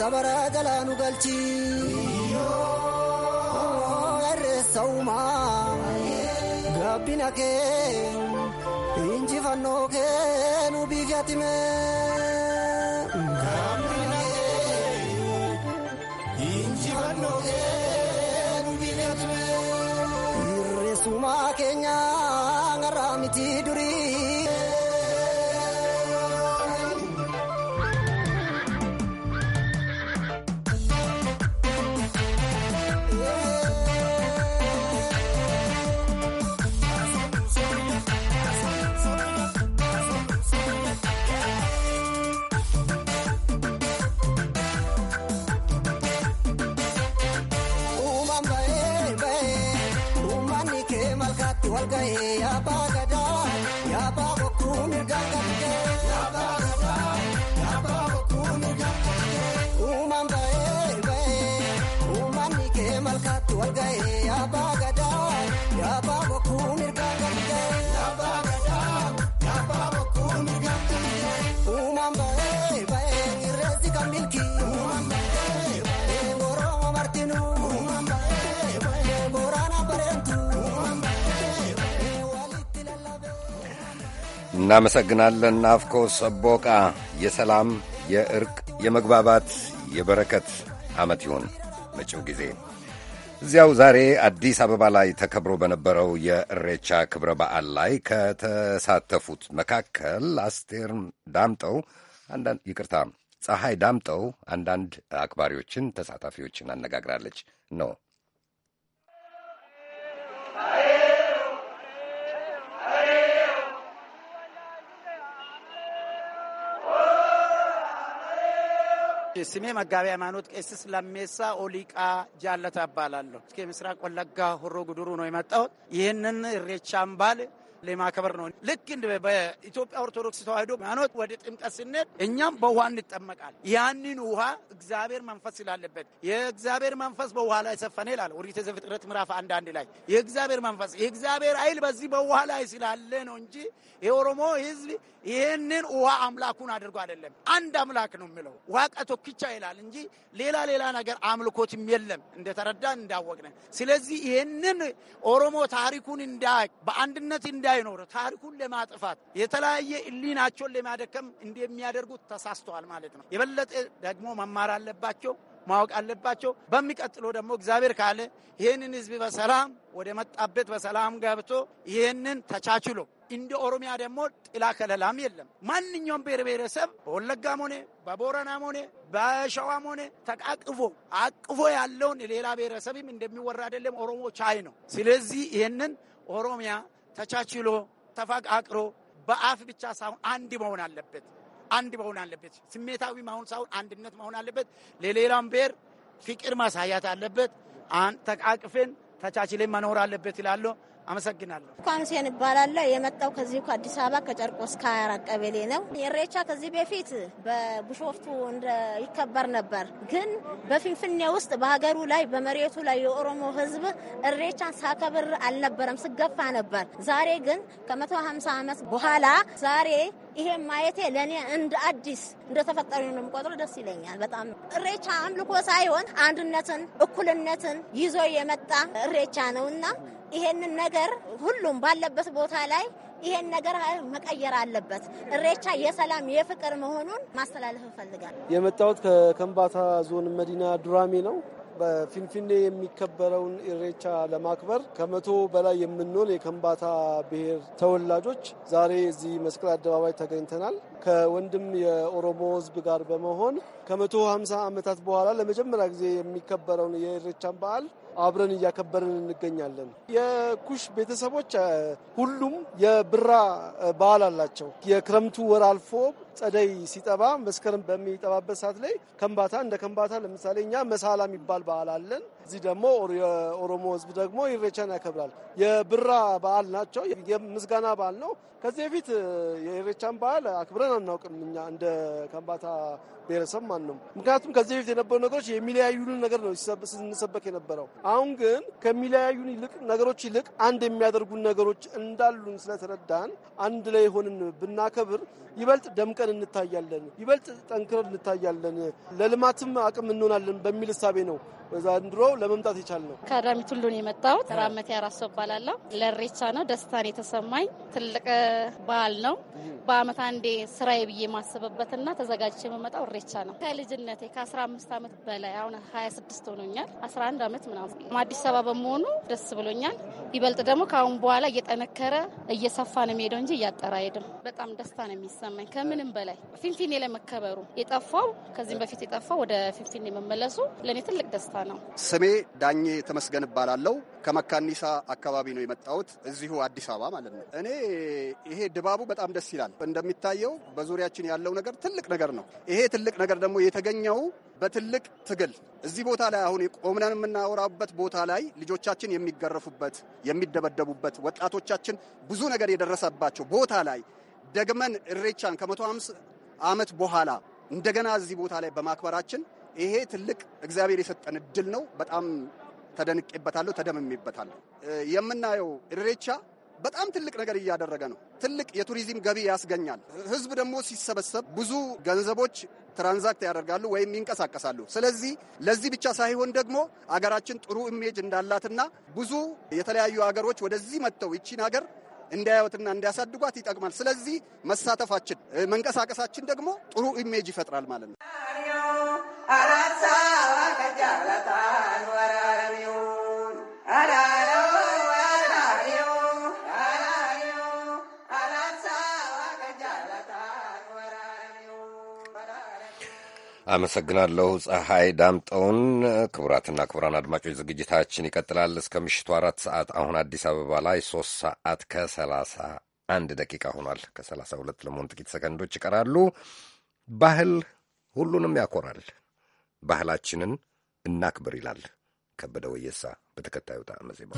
sabara galaanu galchi herreessauma gabbina kee injifannoo kee nu biikyatime. Gabbina kee injifannoo kee nu biikyatime. Irreessuma keenya ngarraa miti durii. ol ga'ee yaabaa gadaa yaabaa bokkuu nu dandamatee. Yaabaa gadaa yaabaa kan milkii. Uumaan ba'ee ba'ee እናመሰግናለን። ናፍቆ ሰቦቃ የሰላም የእርቅ የመግባባት የበረከት ዓመት ይሁን መጪው ጊዜ። እዚያው ዛሬ አዲስ አበባ ላይ ተከብሮ በነበረው የእሬቻ ክብረ በዓል ላይ ከተሳተፉት መካከል አስቴር ዳምጠው አንዳንድ ይቅርታ፣ ፀሐይ ዳምጠው አንዳንድ አክባሪዎችን፣ ተሳታፊዎችን አነጋግራለች ነው ስሜ መጋቢ ሃይማኖት ቄስስ ስላሜሳ ኦሊቃ ጃለታ እባላለሁ። ከምስራቅ ወለጋ ሆሮ ጉድሩ ነው የመጣሁት። ይህንን እሬቻን በዓል ለማከበር ነው። ልክ እንደ በኢትዮጵያ ኦርቶዶክስ ተዋህዶ ሃይማኖት ወደ ጥምቀት ስንሄድ እኛም በውሃ እንጠመቃል። ያንን ውሃ እግዚአብሔር መንፈስ ስላለበት የእግዚአብሔር መንፈስ በውሃ ላይ ሰፈነ ይላል ኦሪት ዘፍጥረት ምዕራፍ አንድ አንድ ላይ የእግዚአብሔር መንፈስ የእግዚአብሔር ኃይል በዚህ በውሃ ላይ ስላለ ነው እንጂ የኦሮሞ ህዝብ ይህንን ውሃ አምላኩን አድርጎ አይደለም። አንድ አምላክ ነው የሚለው ዋቀ ኪቻ ይላል እንጂ ሌላ ሌላ ነገር አምልኮትም የለም። እንደተረዳን እንዳወቅነ። ስለዚህ ይህንን ኦሮሞ ታሪኩን እንዳያቅ በአንድነት እንዳ እንዳይኖር ታሪኩን ለማጥፋት የተለያየ ሕሊናቸውን ለማደከም እንደሚያደርጉት ተሳስተዋል ማለት ነው። የበለጠ ደግሞ መማር አለባቸው፣ ማወቅ አለባቸው። በሚቀጥለው ደግሞ እግዚአብሔር ካለ ይህንን ህዝብ በሰላም ወደ መጣበት በሰላም ገብቶ ይህንን ተቻችሎ እንደ ኦሮሚያ ደግሞ ጥላ ከለላም የለም። ማንኛውም ብሔር ብሔረሰብ በወለጋም ሆነ በቦረናም ሆነ በሸዋም ሆነ ተቃቅፎ አቅፎ ያለውን ሌላ ብሔረሰብም እንደሚወራ አይደለም። ኦሮሞ ቻይ ነው። ስለዚህ ይህንን ኦሮሚያ ተቻችሎ ተፋቅሮ በአፍ ብቻ ሳይሆን አንድ መሆን አለበት። አንድ መሆን አለበት። ስሜታዊ መሆን ሳይሆን አንድነት መሆን አለበት። ለሌላም ብሔር ፍቅር ማሳያት አለበት። ተቃቅፍን ተቻችለን መኖር አለበት ይላለሁ። አመሰግናለሁ። ሴን ይባላለሁ። የመጣው ከዚሁ ከአዲስ አበባ ከጨርቆስ ከሀያራ ቀበሌ ነው። የሬቻ ከዚህ በፊት በብሾፍቱ እንደ ይከበር ነበር፣ ግን በፊንፍኔ ውስጥ በሀገሩ ላይ በመሬቱ ላይ የኦሮሞ ህዝብ እሬቻን ሳከብር አልነበረም፣ ስገፋ ነበር። ዛሬ ግን ከመቶ ሀምሳ ዓመት በኋላ ዛሬ ይሄ ማየቴ ለእኔ እንደ አዲስ እንደተፈጠሩ ነው የምቆጥሩ። ደስ ይለኛል በጣም እሬቻ አምልኮ ሳይሆን አንድነትን፣ እኩልነትን ይዞ የመጣ እሬቻ ነውና ይሄንን ነገር ሁሉም ባለበት ቦታ ላይ ይሄን ነገር መቀየር አለበት። እሬቻ የሰላም የፍቅር መሆኑን ማስተላለፍ እፈልጋል። የመጣሁት ከከምባታ ዞን መዲና ዱራሜ ነው። በፊንፊኔ የሚከበረውን እሬቻ ለማክበር ከመቶ በላይ የምንሆን የከምባታ ብሔር ተወላጆች ዛሬ እዚህ መስቀል አደባባይ ተገኝተናል። ከወንድም የኦሮሞ ሕዝብ ጋር በመሆን ከመቶ ሃምሳ ዓመታት በኋላ ለመጀመሪያ ጊዜ የሚከበረውን የኢሬቻን በዓል አብረን እያከበርን እንገኛለን። የኩሽ ቤተሰቦች ሁሉም የብራ ባዓል አላቸው። የክረምቱ ወር አልፎ ጸደይ ሲጠባ መስከረም በሚጠባበት ሰዓት ላይ ከንባታ እንደ ከንባታ ለምሳሌ እኛ መሳላ የሚባል በዓል አለን። እዚህ ደግሞ የኦሮሞ ህዝብ ደግሞ ኢሬቻን ያከብራል። የብራ በዓል ናቸው። የምስጋና በዓል ነው። ከዚህ በፊት የኢሬቻን በዓል አክብረን አናውቅም እኛ እንደ ከንባታ ብሔረሰብ ማንም። ምክንያቱም ከዚህ በፊት የነበሩ ነገሮች የሚለያዩን ነገር ነው ስንሰበክ የነበረው። አሁን ግን ከሚለያዩን ይልቅ ነገሮች ይልቅ አንድ የሚያደርጉን ነገሮች እንዳሉን ስለተረዳን አንድ ላይ ሆንን ብናከብር ይበልጥ ደምቀ ጠንቅቀን እንታያለን፣ ይበልጥ ጠንክረን እንታያለን፣ ለልማትም አቅም እንሆናለን በሚል እሳቤ ነው ዘንድሮ ለመምጣት የቻል ነው። ከአዳሚ ቱሉ የመጣሁት። ራመቴ አራሶ እባላለሁ። ለሬቻ ነው ደስታን የተሰማኝ ትልቅ በዓል ነው። በአመት አንዴ ስራዬ ብዬ ማስበበትና ተዘጋጅቼ የምመጣው ሬቻ ነው። ከልጅነቴ ከ15 ዓመት በላይ አሁን 26 ሆኖኛል። 11 ዓመት ምናምን አዲስ አበባ በመሆኑ ደስ ብሎኛል። ይበልጥ ደግሞ ከአሁን በኋላ እየጠነከረ እየሰፋ ነው የሚሄደው እንጂ እያጠራ አይሄድም። በጣም ደስታ ነው የሚሰማኝ ከምንም ከአቅም በላይ ፊንፊኔ ላይ መከበሩ የጠፋው ከዚህም በፊት የጠፋው ወደ ፊንፊኔ መመለሱ ለእኔ ትልቅ ደስታ ነው። ስሜ ዳኜ ተመስገን እባላለሁ። ከመካኒሳ አካባቢ ነው የመጣሁት፣ እዚሁ አዲስ አበባ ማለት ነው። እኔ ይሄ ድባቡ በጣም ደስ ይላል። እንደሚታየው በዙሪያችን ያለው ነገር ትልቅ ነገር ነው። ይሄ ትልቅ ነገር ደግሞ የተገኘው በትልቅ ትግል እዚህ ቦታ ላይ አሁን ቆምነን የምናወራበት ቦታ ላይ ልጆቻችን የሚገረፉበት፣ የሚደበደቡበት፣ ወጣቶቻችን ብዙ ነገር የደረሰባቸው ቦታ ላይ ደግመን እሬቻን ከመቶ ሃምሳ ዓመት በኋላ እንደገና እዚህ ቦታ ላይ በማክበራችን ይሄ ትልቅ እግዚአብሔር የሰጠን እድል ነው። በጣም ተደንቄበታለሁ፣ ተደምሜበታለሁ። የምናየው እሬቻ በጣም ትልቅ ነገር እያደረገ ነው። ትልቅ የቱሪዝም ገቢ ያስገኛል። ህዝብ ደግሞ ሲሰበሰብ ብዙ ገንዘቦች ትራንዛክት ያደርጋሉ ወይም ይንቀሳቀሳሉ። ስለዚህ ለዚህ ብቻ ሳይሆን ደግሞ አገራችን ጥሩ ኢሜጅ እንዳላትና ብዙ የተለያዩ አገሮች ወደዚህ መጥተው ይቺን አገር እንዲያዩትና እንዲያሳድጓት ይጠቅማል። ስለዚህ መሳተፋችን መንቀሳቀሳችን ደግሞ ጥሩ ኢሜጅ ይፈጥራል ማለት ነው። አመሰግናለሁ ፀሐይ ዳምጠውን። ክቡራትና ክቡራን አድማጮች ዝግጅታችን ይቀጥላል እስከ ምሽቱ አራት ሰዓት። አሁን አዲስ አበባ ላይ ሶስት ሰዓት ከሰላሳ አንድ ደቂቃ ሆኗል። ከሰላሳ ሁለት ለመሆን ጥቂት ሰከንዶች ይቀራሉ። ባህል ሁሉንም ያኮራል። ባህላችንን እናክብር ይላል ከበደ ወየሳ በተከታዩ ጣዕመ ዜማ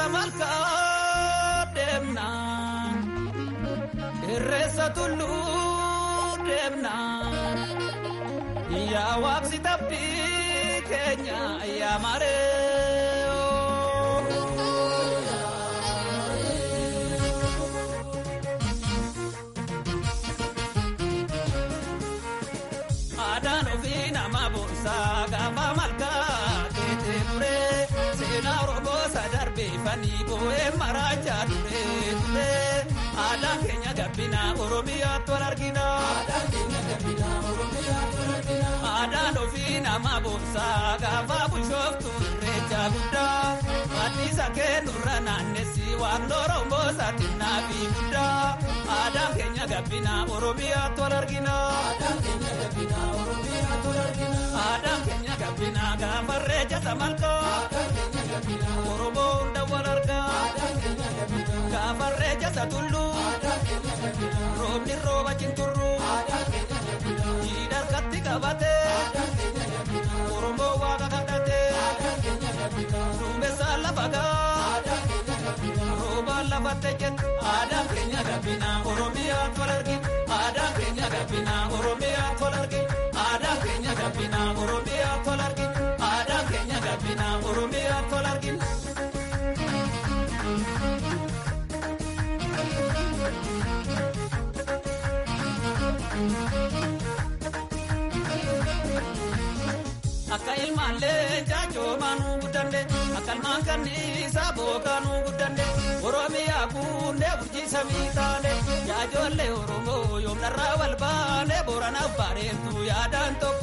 safarkaa deemnaa irreessa tulluu deemnaa yaa waabsi tabbii keenya yaa maree. Kani bu'ee maraa jaaree turee. Aadaan keenya gabbinaa Oromiyaa tola arginaa. Aadaan keenya gabbinaa Oromiyaa tola arginaa. Aadaan ofii nama boonsaa gaafaa bulchootu reecha guddaa. Anniisa keenurra naannessii waan lorongoo saatinaa fi guddaa. Aadaan keenya gabbinaa Oromiyaa tola arginaa. Aadaan keenya gabbinaa Oromiyaa tola arginaa. jabinaa gaafarree jata malkaa oromoo hunda wal argaa gaafarree tulluu roobni rooba cinturruu jiidharkatti qabatee oromoo waaqa kadhatee duumessaa lafa gaa roobaan lafattee jedhu aadaa keenya gabinaa tola argin aadaa keenya gabbinaa oromiyaa tola Akka ilmaallee jaajoomaa nu guddande akka ilmaan kanniisaa bookaa guddande oromiyaa kunnee burjii samii taane jaajoollee oromoo yoomnarraa wal baane booranaaf bareetu yaadaan tokko.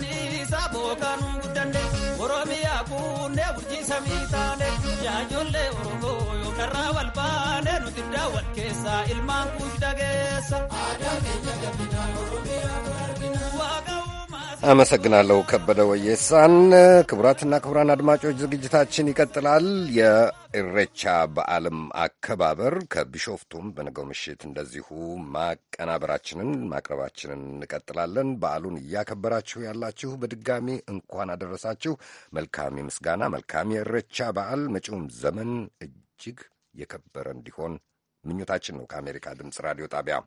ganni saaboo kanuun guddannee Oromiyaa kunnee bulchiisa miitaane yaajollee Oromoo yookaan raawwal baanee nuti daawwan keessaa ilmaan kuush dhageessa. Aadaa keenya jabinaa አመሰግናለሁ ከበደ ወየሳን። ክቡራትና ክቡራን አድማጮች ዝግጅታችን ይቀጥላል። የኢሬቻ በዓልም አከባበር ከቢሾፍቱም በነገው ምሽት እንደዚሁ ማቀናበራችንን ማቅረባችንን እንቀጥላለን። በዓሉን እያከበራችሁ ያላችሁ በድጋሚ እንኳን አደረሳችሁ። መልካም ምስጋና፣ መልካም የኢሬቻ በዓል መጪውም ዘመን እጅግ የከበረ እንዲሆን ምኞታችን ነው። ከአሜሪካ ድምፅ ራዲዮ ጣቢያ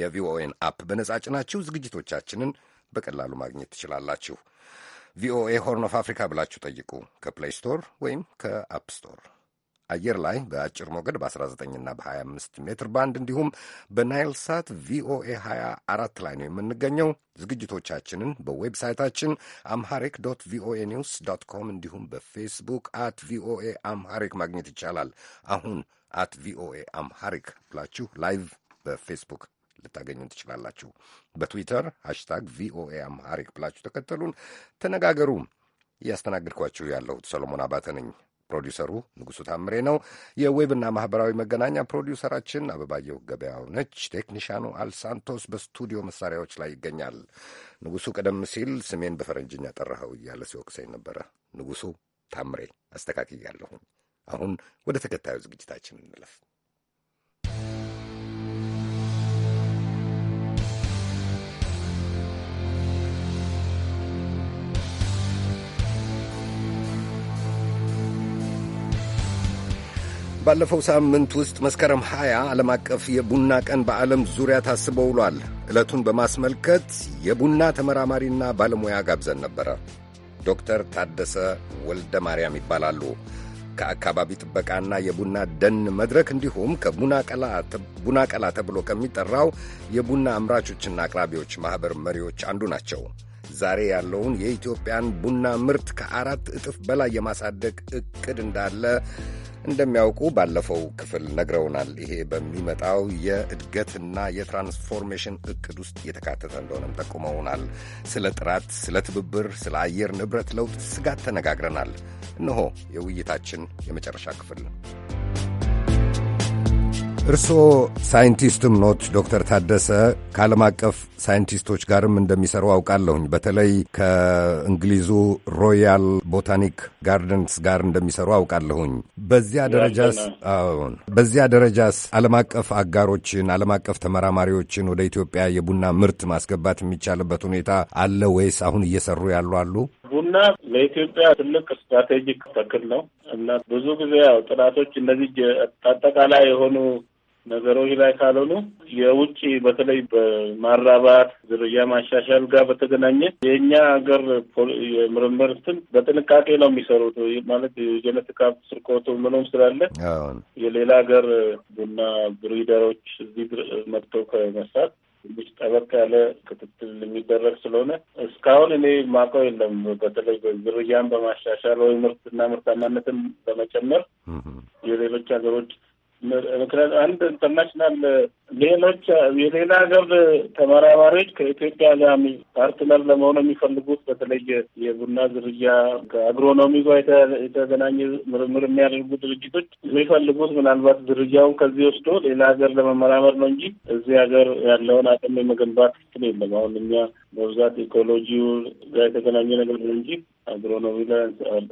የቪኦኤን አፕ በነጻ ጭናችሁ ዝግጅቶቻችንን በቀላሉ ማግኘት ትችላላችሁ። ቪኦኤ ሆርን ኦፍ አፍሪካ ብላችሁ ጠይቁ ከፕሌይ ስቶር ወይም ከአፕ ስቶር። አየር ላይ በአጭር ሞገድ በ19ና በ25 ሜትር ባንድ እንዲሁም በናይል ሳት ቪኦኤ 24 ላይ ነው የምንገኘው። ዝግጅቶቻችንን በዌብሳይታችን አምሃሪክ ዶት ቪኦኤ ኒውስ ዶት ኮም እንዲሁም በፌስቡክ አት ቪኦኤ አምሃሪክ ማግኘት ይቻላል። አሁን አት ቪኦኤ አምሃሪክ ብላችሁ ላይቭ በፌስቡክ ልታገኙን ትችላላችሁ። በትዊተር ሃሽታግ ቪኦኤ አምሃሪክ ብላችሁ ተከተሉን፣ ተነጋገሩ። እያስተናግድኳችሁ ያለሁት ሰሎሞን አባተ ነኝ። ፕሮዲውሰሩ ንጉሡ ታምሬ ነው። የዌብና ማኅበራዊ መገናኛ ፕሮዲውሰራችን አበባየሁ ገበያው ነች። ቴክኒሻኑ አልሳንቶስ በስቱዲዮ መሳሪያዎች ላይ ይገኛል። ንጉሡ ቀደም ሲል ስሜን በፈረንጅኛ ጠራኸው እያለ ሲወቅሰኝ ነበረ። ንጉሡ ታምሬ አስተካክያለሁ። አሁን ወደ ተከታዩ ዝግጅታችን እንለፍ። ባለፈው ሳምንት ውስጥ መስከረም 20 ዓለም አቀፍ የቡና ቀን በዓለም ዙሪያ ታስቦ ውሏል። ዕለቱን በማስመልከት የቡና ተመራማሪና ባለሙያ ጋብዘን ነበረ። ዶክተር ታደሰ ወልደ ማርያም ይባላሉ። ከአካባቢ ጥበቃና የቡና ደን መድረክ እንዲሁም ከቡና ቀላ ተብሎ ከሚጠራው የቡና አምራቾችና አቅራቢዎች ማኅበር መሪዎች አንዱ ናቸው። ዛሬ ያለውን የኢትዮጵያን ቡና ምርት ከአራት እጥፍ በላይ የማሳደግ እቅድ እንዳለ እንደሚያውቁ ባለፈው ክፍል ነግረውናል። ይሄ በሚመጣው የእድገትና የትራንስፎርሜሽን እቅድ ውስጥ እየተካተተ እንደሆነም ጠቁመውናል። ስለ ጥራት፣ ስለ ትብብር፣ ስለ አየር ንብረት ለውጥ ስጋት ተነጋግረናል። እነሆ የውይይታችን የመጨረሻ ክፍል ነው። እርስዎ ሳይንቲስትም ኖት ዶክተር ታደሰ ከዓለም አቀፍ ሳይንቲስቶች ጋርም እንደሚሰሩ አውቃለሁኝ። በተለይ ከእንግሊዙ ሮያል ቦታኒክ ጋርደንስ ጋር እንደሚሰሩ አውቃለሁኝ። በዚያ ደረጃስ አዎን፣ በዚያ ደረጃስ ዓለም አቀፍ አጋሮችን ዓለም አቀፍ ተመራማሪዎችን ወደ ኢትዮጵያ የቡና ምርት ማስገባት የሚቻልበት ሁኔታ አለ ወይስ አሁን እየሰሩ ያሉ አሉ? ቡና ለኢትዮጵያ ትልቅ ስትራቴጂክ ተክል ነው እና ብዙ ጊዜ ያው ጥናቶች እነዚህ አጠቃላይ የሆኑ ነገሮች ላይ ካልሆኑ የውጭ በተለይ በማራባት ዝርያ ማሻሻል ጋር በተገናኘ የእኛ ሀገር የምርምር ስም በጥንቃቄ ነው የሚሰሩት። ማለት የጀነቲክ ሀብት ስርቆቱ ምንም ስላለ የሌላ ሀገር ቡና ብሪደሮች እዚህ መጥተው ከመስራት ትንሽ ጠበቅ ያለ ክትትል የሚደረግ ስለሆነ እስካሁን እኔ ማውቀው የለም። በተለይ ዝርያን በማሻሻል ወይ ምርትና ምርታማነትን በመጨመር የሌሎች ሀገሮች ምክንያቱ አንድ ኢንተርናሽናል ሌሎች የሌላ ሀገር ተመራማሪዎች ከኢትዮጵያ ጋር ፓርትነር ለመሆኑ የሚፈልጉት በተለይ የቡና ዝርያ ከአግሮኖሚ ጋር የተገናኘ ምርምር የሚያደርጉ ድርጅቶች የሚፈልጉት ምናልባት ዝርያውን ከዚህ ወስዶ ሌላ ሀገር ለመመራመር ነው እንጂ እዚህ ሀገር ያለውን አቅም የመገንባት ትክክል የለም። አሁን እኛ በብዛት ኢኮሎጂው ጋር የተገናኘ ነገር ነው እንጂ አግሮ ነው ብለ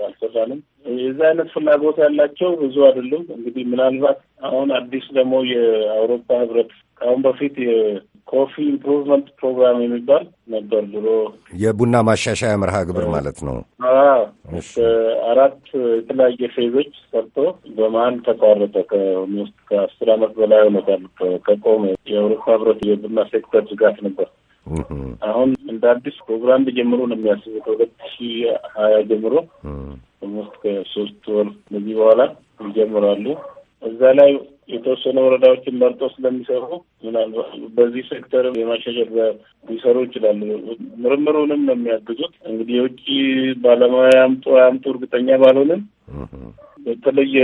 አልሰራንም። የዚህ አይነት ፍላጎት ያላቸው ብዙ አይደሉም። እንግዲህ ምናልባት አሁን አዲስ ደግሞ የአውሮፓ ህብረት ከአሁን በፊት የኮፊ ኢምፕሩቭመንት ፕሮግራም የሚባል ነበር ድሮ የቡና ማሻሻያ መርሃ ግብር ማለት ነው። አራት የተለያየ ፌዞች ሰርቶ በመሀል ተቋረጠ። ከአስር አመት በላይ ሆኖታል ከቆመ። የአውሮፓ ህብረት የቡና ሴክተር ድጋፍ ነበር አሁን እንደ አዲስ ፕሮግራም ጀምሮ ነው የሚያስቡ ከሁለት ሺ ሀያ ጀምሮ ኦልሞስት ከሶስት ወር በዚህ በኋላ ይጀምራሉ። እዛ ላይ የተወሰነ ወረዳዎችን መርጦ ስለሚሰሩ ምናልባት በዚህ ሴክተር የማሻሻል ሊሰሩ ይችላሉ። ምርምሩንም ነው የሚያግዙት። እንግዲህ የውጭ ባለሙያ ያምጡ ያምጡ እርግጠኛ ባልሆንም በተለየ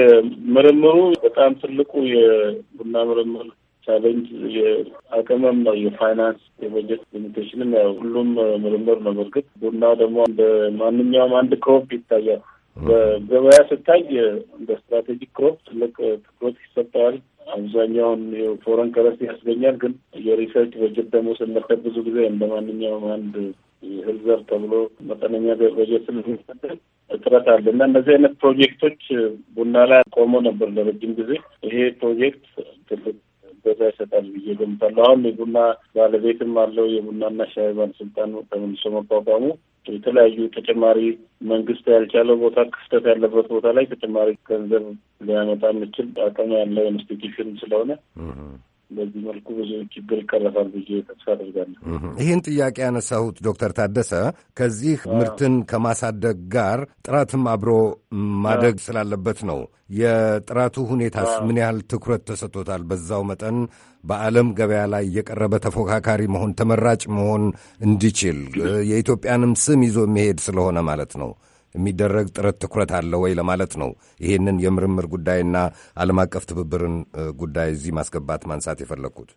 ምርምሩ በጣም ትልቁ የቡና ምርምር ቻሌንጅ የአቅምም ነው የፋይናንስ የበጀት ሊሚቴሽንም ያው ሁሉም ምርምር ነው። በእርግጥ ቡና ደግሞ እንደ ማንኛውም አንድ ክሮፕ ይታያል። በገበያ ስታይ እንደ ስትራቴጂክ ክሮፕ ትልቅ ትኩረት ይሰጠዋል። አብዛኛውን የፎረን ከረንሲ ያስገኛል። ግን የሪሰርች በጀት ደግሞ ስንመደብ ብዙ ጊዜ እንደ ማንኛውም አንድ የእህል ዘር ተብሎ መጠነኛ በጀት ስለሚመደብ እጥረት አለ እና እነዚህ አይነት ፕሮጀክቶች ቡና ላይ ቆሞ ነበር ለረጅም ጊዜ። ይሄ ፕሮጀክት ትልቅ ቦታ ይሰጣል ብዬ ገምታለሁ። አሁን የቡና ባለቤትም አለው የቡናና ሻይ ባለስልጣን ተመልሶ መቋቋሙ የተለያዩ ተጨማሪ መንግስት ያልቻለው ቦታ ክፍተት ያለበት ቦታ ላይ ተጨማሪ ገንዘብ ሊያመጣ የሚችል አቅም ያለው ኢንስቲትዩሽን ስለሆነ በዚህ መልኩ ብዙ ችግር ይቀረፋል ብዬ ተስፋ አድርጋለሁ። ይህን ጥያቄ ያነሳሁት ዶክተር ታደሰ ከዚህ ምርትን ከማሳደግ ጋር ጥራትም አብሮ ማደግ ስላለበት ነው። የጥራቱ ሁኔታስ ምን ያህል ትኩረት ተሰጥቶታል? በዛው መጠን በዓለም ገበያ ላይ የቀረበ ተፎካካሪ መሆን ተመራጭ መሆን እንዲችል የኢትዮጵያንም ስም ይዞ የሚሄድ ስለሆነ ማለት ነው የሚደረግ ጥረት ትኩረት አለ ወይ ለማለት ነው። ይህንን የምርምር ጉዳይና ዓለም አቀፍ ትብብርን ጉዳይ እዚህ ማስገባት ማንሳት የፈለግኩት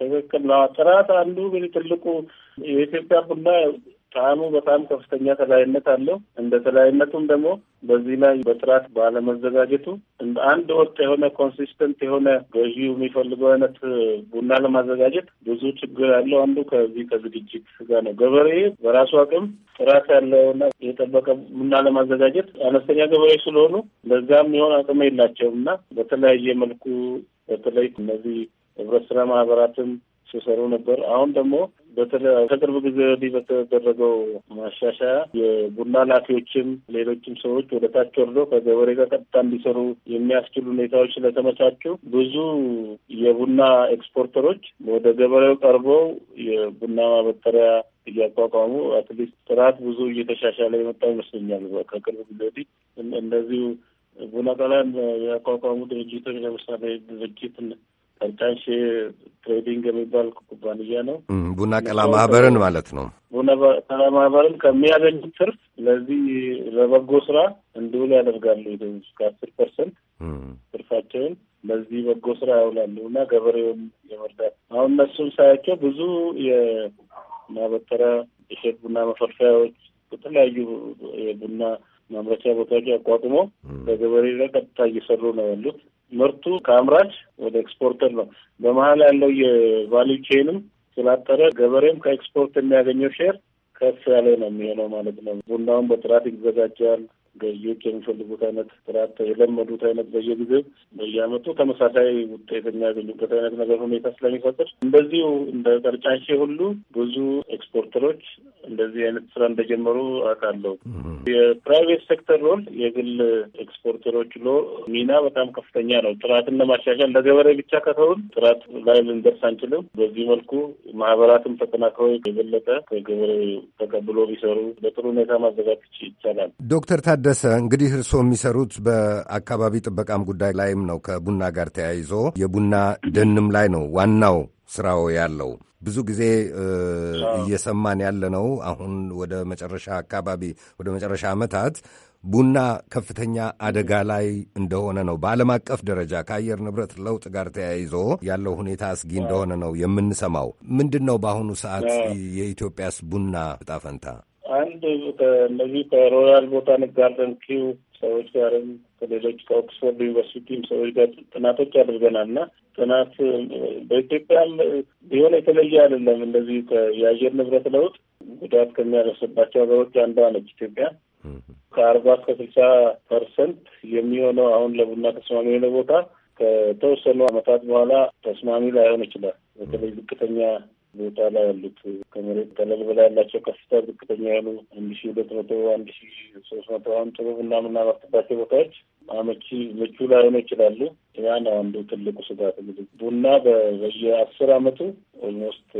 ትክክል ነው። ጥራት አንዱ ግን ትልቁ የኢትዮጵያ ቡና ጣዕሙ በጣም ከፍተኛ ተለያይነት አለው። እንደ ተለያይነቱም ደግሞ በዚህ ላይ በጥራት ባለመዘጋጀቱ እንደ አንድ ወጥ የሆነ ኮንሲስተንት የሆነ ገዢው የሚፈልገው አይነት ቡና ለማዘጋጀት ብዙ ችግር ያለው አንዱ ከዚህ ከዝግጅት ጋር ነው። ገበሬ በራሱ አቅም ጥራት ያለውና የጠበቀ ቡና ለማዘጋጀት አነስተኛ ገበሬ ስለሆኑ ለዛም የሆን አቅም የላቸውም እና በተለያየ መልኩ በተለይ እነዚህ ህብረት ስራ ማህበራትም ሲሰሩ ነበር። አሁን ደግሞ በተለይ ከቅርብ ጊዜ ወዲህ በተደረገው ማሻሻያ የቡና ላፊዎችም ሌሎችም ሰዎች ወደ ታች ወርዶ ከገበሬ ጋር ቀጥታ እንዲሰሩ የሚያስችሉ ሁኔታዎች ስለተመቻቹ ብዙ የቡና ኤክስፖርተሮች ወደ ገበሬው ቀርበው የቡና ማበጠሪያ እያቋቋሙ አትሊስት ጥራት ብዙ እየተሻሻለ የመጣ ይመስለኛል። ከቅርብ ጊዜ ወዲህ እንደዚሁ ቡና ቀላን ያቋቋሙ ድርጅቶች ለምሳሌ ድርጅት ጠንጫሽ ትሬዲንግ የሚባል ኩባንያ ነው። ቡና ቀላ ማህበርን ማለት ነው። ቡና ቀላ ማህበርን ከሚያገኙት ትርፍ ለዚህ ለበጎ ስራ እንዲውል ያደርጋሉ። እስከ አስር ፐርሰንት ትርፋቸውን ለዚህ በጎ ስራ ያውላሉ እና ገበሬውን የመርዳት አሁን እነሱም ሳያቸው ብዙ የማበጠሪያ እሸት ቡና መፈልፈያዎች በተለያዩ የቡና ማምረቻ ቦታዎች አቋቁመው በገበሬ ላይ ቀጥታ እየሰሩ ነው ያሉት። ምርቱ ከአምራች ወደ ኤክስፖርተር ነው። በመሀል ያለው የቫሉ ቼንም ስላጠረ ገበሬም ከኤክስፖርት የሚያገኘው ሼር ከፍ ያለ ነው የሚሆነው ማለት ነው። ቡናውን በጥራት ይዘጋጃል። ገዢዎች የሚፈልጉት አይነት ጥራት የለመዱት አይነት በየጊዜው በየአመቱ ተመሳሳይ ውጤት የሚያገኙበት አይነት ነገር ሁኔታ ስለሚፈጥር እንደዚሁ እንደ ቀርጫሼ ሁሉ ብዙ ኤክስፖርተሮች እንደዚህ አይነት ስራ እንደጀመሩ አውቃለሁ። የፕራይቬት ሴክተር ሮል የግል ኤክስፖርተሮች ሎ ሚና በጣም ከፍተኛ ነው። ጥራትን ለማሻሻል ለገበሬ ብቻ ከተውን ጥራት ላይ ልንደርስ አንችልም። በዚህ መልኩ ማህበራትም ተጠናክረው የበለጠ ከገበሬ ተቀብሎ ቢሰሩ በጥሩ ሁኔታ ማዘጋት ይቻላል። ዶክተር ታደ ታደሰ እንግዲህ እርስዎ የሚሰሩት በአካባቢ ጥበቃም ጉዳይ ላይም ነው። ከቡና ጋር ተያይዞ የቡና ደንም ላይ ነው ዋናው ስራው ያለው። ብዙ ጊዜ እየሰማን ያለ ነው። አሁን ወደ መጨረሻ አካባቢ ወደ መጨረሻ ዓመታት ቡና ከፍተኛ አደጋ ላይ እንደሆነ ነው። በዓለም አቀፍ ደረጃ ከአየር ንብረት ለውጥ ጋር ተያይዞ ያለው ሁኔታ አስጊ እንደሆነ ነው የምንሰማው። ምንድን ነው በአሁኑ ሰዓት የኢትዮጵያስ ቡና ጣፈንታ። ፈንታ? አንድ ከእነዚህ ከሮያል ቦታኒክ ጋርደን ኪው ሰዎች ጋርም ከሌሎች ከኦክስፎርድ ዩኒቨርሲቲም ሰዎች ጋር ጥናቶች አድርገናል እና ጥናት በኢትዮጵያም ቢሆን የተለየ አይደለም። እንደዚህ የአየር ንብረት ለውጥ ጉዳት ከሚያደርስባቸው ሀገሮች አንዷ ነች ኢትዮጵያ። ከአርባ እስከ ስልሳ ፐርሰንት የሚሆነው አሁን ለቡና ተስማሚ የሆነ ቦታ ከተወሰኑ ዓመታት በኋላ ተስማሚ ላይሆን ይችላል። በተለይ ዝቅተኛ ቦታ ላይ ያሉት ከመሬት ጠለል በላይ ያላቸው ከፍታ ዝቅተኛ ያሉ አንድ ሺ ሁለት መቶ አንድ ሺ ሶስት መቶ አሁን ጥሩ ቡና የምናመርትባቸው ቦታዎች አመቺ ምቹ ላይሆኑ ይችላሉ። ያ ነው አንዱ ትልቁ ስጋት። እንግዲህ ቡና በየአስር አመቱ ኦልሞስት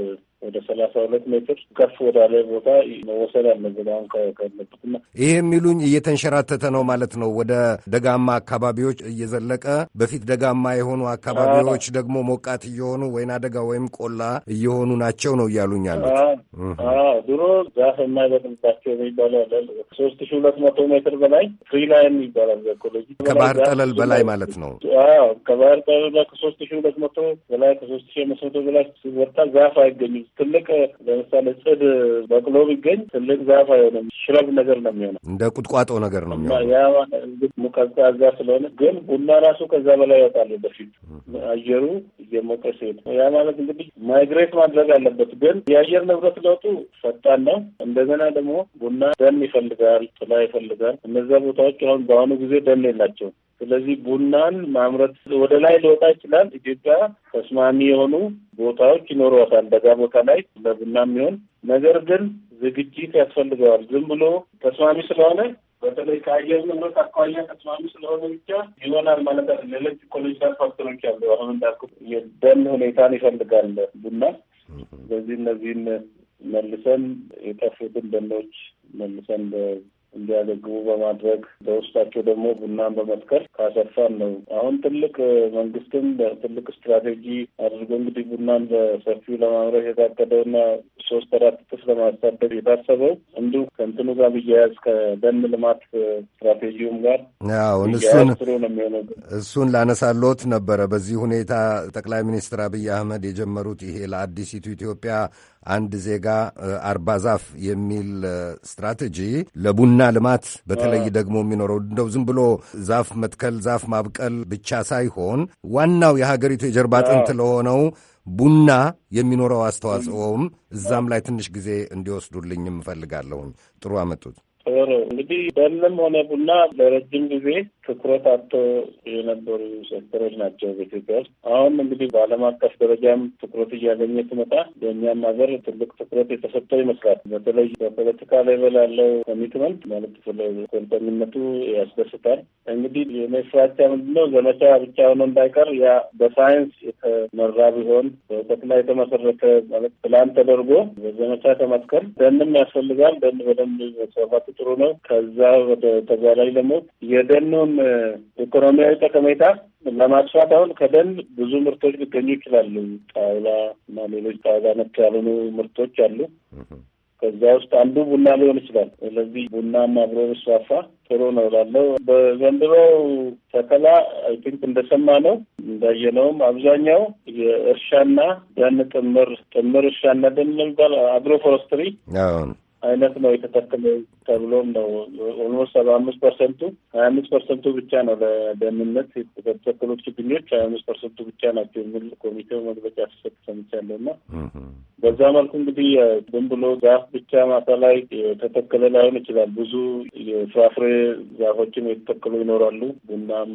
ወደ ሰላሳ ሁለት ሜትር ከፍ ወዳለ ቦታ መወሰድ አለበት። አሁን ካለበትና ይሄ የሚሉኝ እየተንሸራተተ ነው ማለት ነው። ወደ ደጋማ አካባቢዎች እየዘለቀ በፊት ደጋማ የሆኑ አካባቢዎች ደግሞ ሞቃት እየሆኑ ወይና ደጋ ወይም ቆላ እየሆኑ ናቸው ነው እያሉኝ ያሉት። ድሮ ዛፍ የማይበቅልባቸው የሚባለው አለ። ሶስት ሺ ሁለት መቶ ሜትር በላይ ፍሪ ላይን ይባላል በኢኮሎጂ ከባህር ጠለል በላይ ማለት ነው። ከባህር ጠለል ከሶስት ሺ ሁለት መቶ በላይ ከሶስት ሺ አምስት መቶ በላይ ሲወጣ ዛፍ አይገኙም። ትልቅ ለምሳሌ ጽድ በቅሎ ቢገኝ ትልቅ ዛፍ አይሆንም፣ ሽረብ ነገር ነው የሚሆነው። እንደ ቁጥቋጦ ነገር ነው የሚሆነው። ያ ቀዝቃዛ ስለሆነ ግን ቡና ራሱ ከዛ በላይ ያወጣል። በፊት አየሩ እየሞቀ ሲሄድ ያ ማለት እንግዲህ ማይግሬት ማድረግ አለበት። ግን የአየር ንብረት ለውጡ ፈጣን ነው። እንደገና ደግሞ ቡና ደን ይፈልጋል፣ ጥላ ይፈልጋል። እነዛ ቦታዎች አሁን በአሁኑ ጊዜ ደን የላቸውም። ስለዚህ ቡናን ማምረት ወደ ላይ ሊወጣ ይችላል። ኢትዮጵያ ተስማሚ የሆኑ ቦታዎች ይኖረዋታል፣ ደጋ ቦታ ላይ ለቡና የሚሆን ነገር ግን ዝግጅት ያስፈልገዋል። ዝም ብሎ ተስማሚ ስለሆነ በተለይ ከአየር ንብረት አኳያ ተስማሚ ስለሆነ ብቻ ይሆናል ማለት አለ። ሌሎች ኢኮሎጂካል ፋክተሮች አሉ። አሁን እንዳልኩ የደን ሁኔታን ይፈልጋል ቡና። ስለዚህ እነዚህን መልሰን የጠፉትን ደኖች መልሰን እንዲያገግቡ በማድረግ በውስጣቸው ደግሞ ቡናን በመትከል ካሰፋን ነው። አሁን ትልቅ መንግስትም ትልቅ ስትራቴጂ አድርጎ እንግዲህ ቡናን በሰፊው ለማምረት የታቀደውና ሶስት አራት እጥፍ ለማሳደግ የታሰበው እንዲሁ ከእንትኑ ጋር ብያያዝ ከደን ልማት ስትራቴጂውም ጋር ያው እሱን እሱን ላነሳሎት ነበረ። በዚህ ሁኔታ ጠቅላይ ሚኒስትር አብይ አህመድ የጀመሩት ይሄ ለአዲሲቱ ኢትዮጵያ አንድ ዜጋ አርባ ዛፍ የሚል ስትራቴጂ ለቡና ልማት በተለይ ደግሞ የሚኖረው እንደው ዝም ብሎ ዛፍ መትከል ዛፍ ማብቀል ብቻ ሳይሆን ዋናው የሀገሪቱ የጀርባ አጥንት ለሆነው ቡና የሚኖረው አስተዋጽኦም እዛም ላይ ትንሽ ጊዜ እንዲወስዱልኝ እፈልጋለሁኝ። ጥሩ አመጡት። ጥሩ እንግዲህ በለም ሆነ ቡና ለረጅም ጊዜ ትኩረት አቶ የነበሩ ሴክተሮች ናቸው በኢትዮጵያ ውስጥ። አሁን እንግዲህ በዓለም አቀፍ ደረጃም ትኩረት እያገኘ ሲመጣ በእኛም ሀገር ትልቅ ትኩረት የተሰጠው ይመስላል። በተለይ በፖለቲካ ሌቨል ያለው ኮሚትመንት ማለት ስለኮንተኝነቱ ያስደስታል። እንግዲህ የኔ ፍራቻ ምንድነው ዘመቻ ብቻ ሆኖ እንዳይቀር ያ በሳይንስ የተመራ ቢሆን በእውቀት ላይ የተመሰረተ ማለት ፕላን ተደርጎ በዘመቻ ተመትከል ደንም ያስፈልጋል። ደን በደንብ መሰራት ጥሩ ነው። ከዛ ወደ ተጓዳኝ ደግሞ የደኑን ኢኮኖሚያዊ ጠቀሜታ ለማስፋት አሁን ከደን ብዙ ምርቶች ሊገኙ ይችላሉ። ጣውላ እና ሌሎች ጣውላ ነክ ያልሆኑ ምርቶች አሉ። ከዛ ውስጥ አንዱ ቡና ሊሆን ይችላል። ስለዚህ ቡናም አብሮ ብስፋፋ ጥሩ ነው ላለው በዘንድሮው ተከላ አይ ቲንክ እንደሰማ ነው እንዳየነውም አብዛኛው የእርሻና ደን ጥምር ጥምር እርሻና ደን የሚባል አግሮ ፎረስትሪ አይነት ነው የተጠቀመው ተብሎም ነው ኦልሞስት ሰባ አምስት ፐርሰንቱ ሀያ አምስት ፐርሰንቱ ብቻ ነው ለደህንነት የተተከሉት ችግኞች ሀያ አምስት ፐርሰንቱ ብቻ ናቸው የሚል ኮሚቴው መግለጫ ሲሰጥ ሰምቻለሁ እና በዛ መልኩ እንግዲህ ዝም ብሎ ዛፍ ብቻ ማሳ ላይ የተተከለ ላይሆን ይችላል። ብዙ የፍራፍሬ ዛፎችም የተተከሉ ይኖራሉ። ቡናም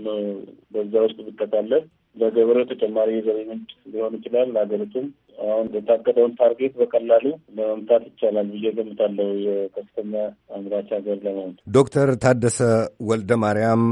በዛ ውስጥ ብጠቃለን ለገበሬው ተጨማሪ የገቢ ምንጭ ሊሆን ይችላል። ለሀገሪቱም አሁን የታቀደውን ታርጌት በቀላሉ ለመምታት ይቻላል ብዬ ገምታለሁ። የከፍተኛ አምራች ሀገር ለመሆን ዶክተር ታደሰ ወልደ ማርያም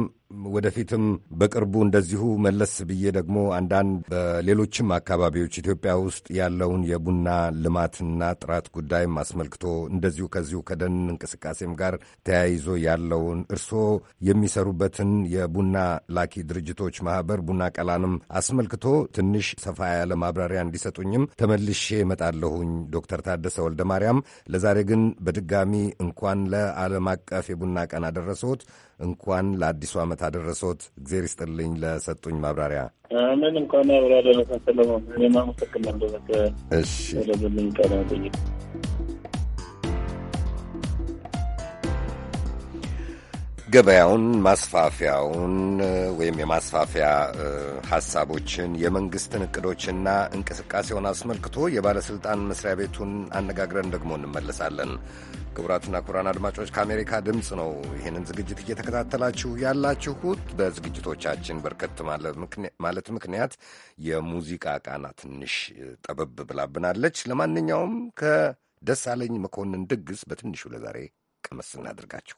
ወደፊትም በቅርቡ እንደዚሁ መለስ ብዬ ደግሞ አንዳንድ በሌሎችም አካባቢዎች ኢትዮጵያ ውስጥ ያለውን የቡና ልማትና ጥራት ጉዳይም አስመልክቶ እንደዚሁ ከዚሁ ከደን እንቅስቃሴም ጋር ተያይዞ ያለውን እርስዎ የሚሰሩበትን የቡና ላኪ ድርጅቶች ማህበር ቡና ቀላንም አስመልክቶ ትንሽ ሰፋ ያለ ማብራሪያ እንዲሰጡኝም ተመልሼ እመጣለሁኝ። ዶክተር ታደሰ ወልደ ማርያም፣ ለዛሬ ግን በድጋሚ እንኳን ለዓለም አቀፍ የቡና ቀን አደረሶት፣ እንኳን ለአዲሱ ዓመት አደረሶት። እግዜር ይስጥልኝ ለሰጡኝ ማብራሪያ። ምን እንኳን አብራ ደረሰን ሰለሞን። እኔም አመሰግናለሁ። እሺ ገበያውን ማስፋፊያውን ወይም የማስፋፊያ ሀሳቦችን የመንግስትን እቅዶችና እንቅስቃሴውን አስመልክቶ የባለሥልጣን መስሪያ ቤቱን አነጋግረን ደግሞ እንመለሳለን። ክቡራትና ክቡራን አድማጮች ከአሜሪካ ድምፅ ነው ይህንን ዝግጅት እየተከታተላችሁ ያላችሁት። በዝግጅቶቻችን በርከት ማለት ምክንያት የሙዚቃ ቃና ትንሽ ጠበብ ብላብናለች። ለማንኛውም ከደሳለኝ መኮንን ድግስ በትንሹ ለዛሬ ቀመስ እናድርጋችሁ።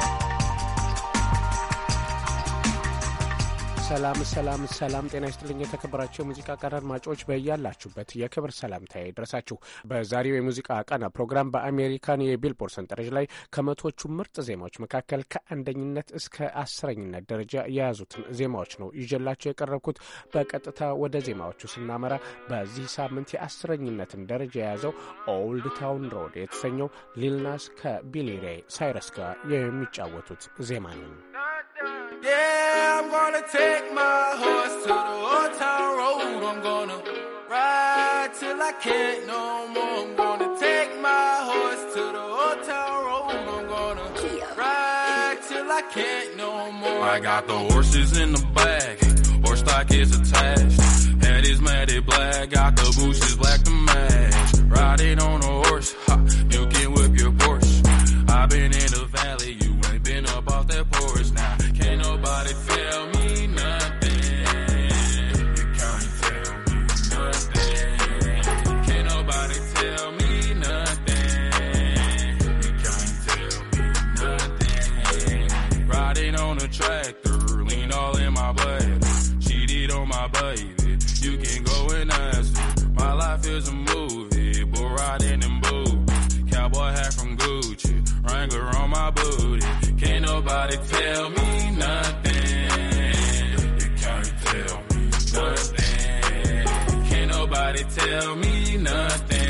ሰላም ሰላም ሰላም፣ ጤና ይስጥልኝ የተከበራቸው የሙዚቃ ቀን አድማጮች በያላችሁበት የክብር ሰላምታዬ ይድረሳችሁ። በዛሬው የሙዚቃ ቀና ፕሮግራም በአሜሪካን የቢልቦርድ ሰንጠረዥ ላይ ከመቶቹ ምርጥ ዜማዎች መካከል ከአንደኝነት እስከ አስረኝነት ደረጃ የያዙትን ዜማዎች ነው ይዤላቸው የቀረብኩት። በቀጥታ ወደ ዜማዎቹ ስናመራ በዚህ ሳምንት የአስረኝነትን ደረጃ የያዘው ኦልድ ታውን ሮድ የተሰኘው ሊልናስ ከቢሊ ሬይ ሳይረስ ጋር የሚጫወቱት ዜማ ነው። Yeah, I'm gonna take my horse to the old town road. I'm gonna ride till I can't no more. I'm gonna take my horse to the old town road. I'm gonna ride till I can't no more. I got the horses in the back, horse stock is attached. Head is matted black, got the bushes black to match. Riding on a horse. nobody tell me nothing. You can't tell me nothing. Can't nobody tell me nothing.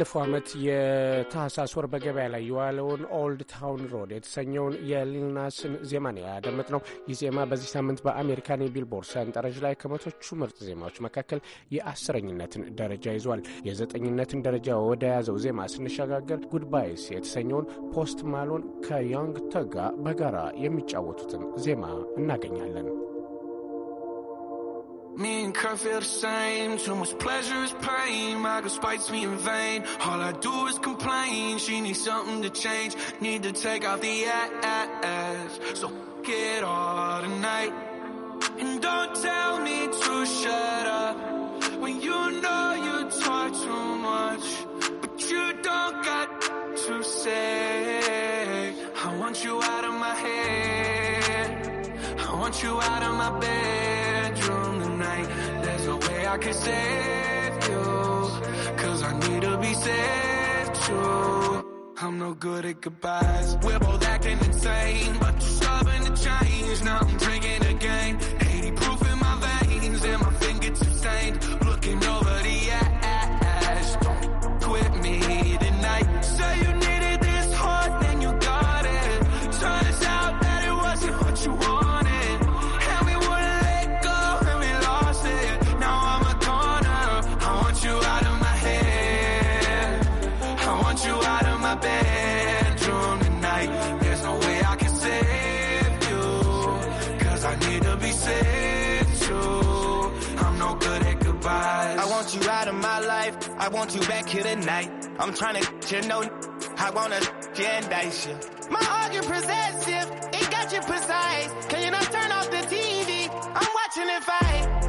ባለፈው ዓመት የታህሳስ ወር በገበያ ላይ የዋለውን ኦልድ ታውን ሮድ የተሰኘውን የሊልናስን ዜማ ነው ያደመጥነው። ይህ ዜማ በዚህ ሳምንት በአሜሪካን የቢልቦርድ ሰንጠረዥ ላይ ከመቶቹ ምርጥ ዜማዎች መካከል የአስረኝነትን ደረጃ ይዟል። የዘጠኝነትን ደረጃ ወደ ያዘው ዜማ ስንሸጋገር ጉድባይስ የተሰኘውን ፖስት ማሎን ከያንግ ተጋ በጋራ የሚጫወቱትን ዜማ እናገኛለን። Me and Kurt feel the same. Too much pleasure is pain. My girl spites me in vain. All I do is complain. She needs something to change. Need to take out the ass. So get all tonight. And don't tell me to shut up when you know you talk too much, but you don't got to say. I want you out of my head. I want you out of my bedroom. There's no way I can save you. Cause I need to be saved too. I'm no good at goodbyes. We're both acting insane, but you're stubborn to change. Now I'm drinking again. 80 proof in my veins, and my fingertips stained. I want you back here tonight. I'm trying to you know I wanna gendice you. My argument possessive, it got you precise. Can you not turn off the TV? I'm watching it fight.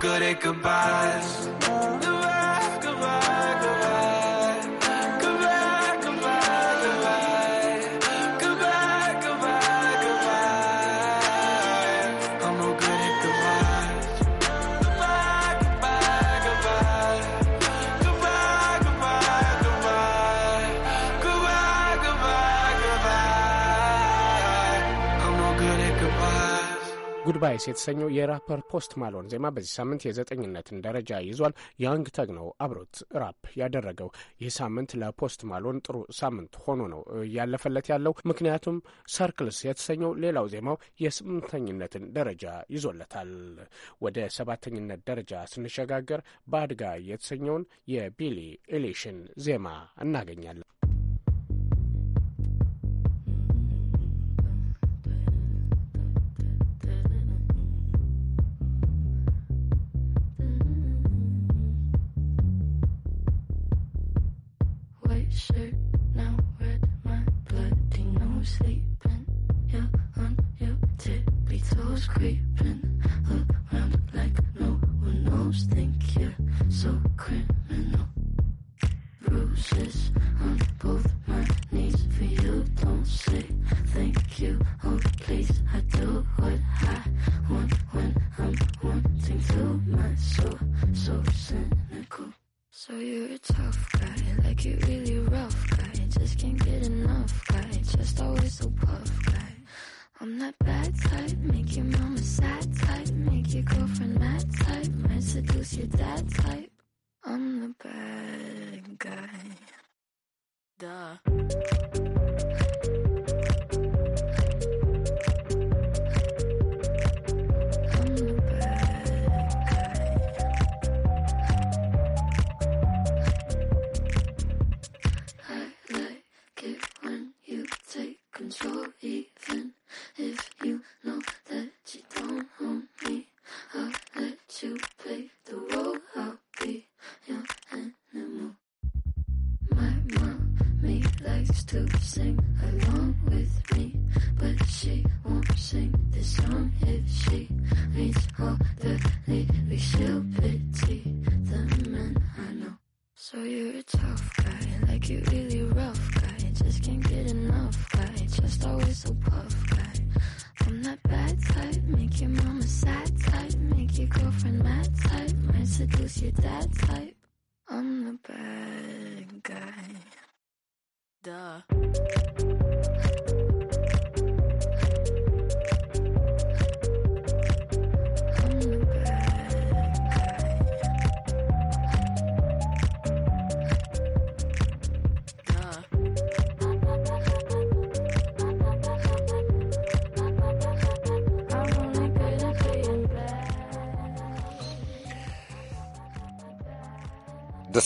good at goodbyes. ጉድባይስ የተሰኘው የራፐር ፖስት ማሎን ዜማ በዚህ ሳምንት የዘጠኝነትን ደረጃ ይዟል። ያንግ ተግ ነው አብሮት ራፕ ያደረገው። ይህ ሳምንት ለፖስት ማሎን ጥሩ ሳምንት ሆኖ ነው እያለፈለት ያለው፣ ምክንያቱም ሰርክልስ የተሰኘው ሌላው ዜማው የስምንተኝነትን ደረጃ ይዞለታል። ወደ ሰባተኝነት ደረጃ ስንሸጋገር ባድጋ የተሰኘውን የቢሊ ኤሊሽን ዜማ እናገኛለን። sleeping. You're on your tippy toes, creeping around like no one knows. Think you're so criminal. Bruises on both my knees for you. Don't say thank you. Oh, please, I do what I want when I'm wanting to. My soul, so cynical. So you're a tough guy, like you really you're that type.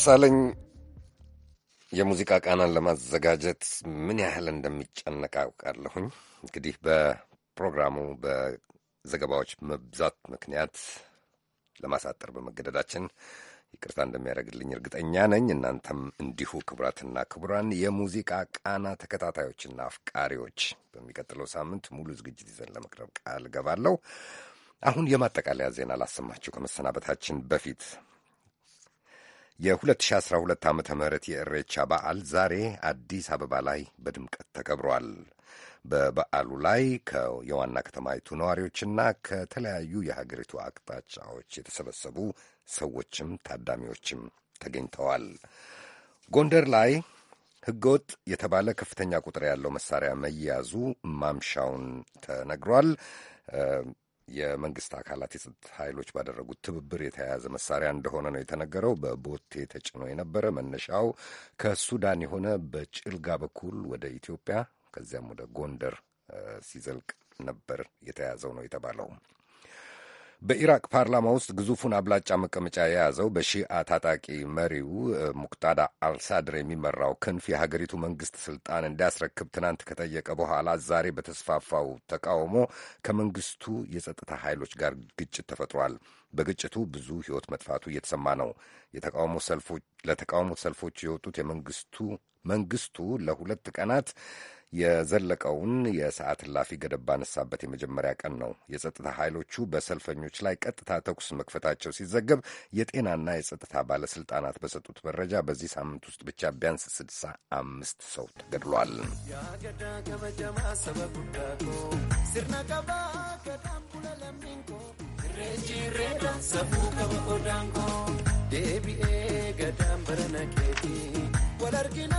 ደሳለኝ የሙዚቃ ቃናን ለማዘጋጀት ምን ያህል እንደሚጨነቅ አውቃለሁኝ። እንግዲህ በፕሮግራሙ በዘገባዎች መብዛት ምክንያት ለማሳጠር በመገደዳችን ይቅርታ እንደሚያደርግልኝ እርግጠኛ ነኝ። እናንተም እንዲሁ ክቡራትና ክቡራን የሙዚቃ ቃና ተከታታዮችና አፍቃሪዎች፣ በሚቀጥለው ሳምንት ሙሉ ዝግጅት ይዘን ለመቅረብ ቃል እገባለሁ። አሁን የማጠቃለያ ዜና ላሰማችሁ ከመሰናበታችን በፊት የ2012 ዓ ም የእሬቻ በዓል ዛሬ አዲስ አበባ ላይ በድምቀት ተከብሯል። በበዓሉ ላይ የዋና ከተማይቱ ነዋሪዎችና ከተለያዩ የሀገሪቱ አቅጣጫዎች የተሰበሰቡ ሰዎችም ታዳሚዎችም ተገኝተዋል። ጎንደር ላይ ሕገወጥ የተባለ ከፍተኛ ቁጥር ያለው መሳሪያ መያዙ ማምሻውን ተነግሯል። የመንግስት አካላት የጸጥታ ኃይሎች ባደረጉት ትብብር የተያያዘ መሳሪያ እንደሆነ ነው የተነገረው። በቦቴ ተጭኖ የነበረ መነሻው ከሱዳን የሆነ በጭልጋ በኩል ወደ ኢትዮጵያ ከዚያም ወደ ጎንደር ሲዘልቅ ነበር የተያዘው ነው የተባለው። በኢራቅ ፓርላማ ውስጥ ግዙፉን አብላጫ መቀመጫ የያዘው በሺአ ታጣቂ መሪው ሙቅታዳ አልሳድር የሚመራው ክንፍ የሀገሪቱ መንግስት ስልጣን እንዲያስረክብ ትናንት ከጠየቀ በኋላ ዛሬ በተስፋፋው ተቃውሞ ከመንግስቱ የጸጥታ ኃይሎች ጋር ግጭት ተፈጥሯል። በግጭቱ ብዙ ሕይወት መጥፋቱ እየተሰማ ነው። ለተቃውሞ ሰልፎች የወጡት የመንግስቱ መንግስቱ ለሁለት ቀናት የዘለቀውን የሰዓት እላፊ ገደብ ባነሳበት የመጀመሪያ ቀን ነው የጸጥታ ኃይሎቹ በሰልፈኞች ላይ ቀጥታ ተኩስ መክፈታቸው ሲዘገብ፣ የጤናና የጸጥታ ባለስልጣናት በሰጡት መረጃ በዚህ ሳምንት ውስጥ ብቻ ቢያንስ ስድሳ አምስት ሰው ተገድሏል። ገዳም በረነኬቲ ወለርጊና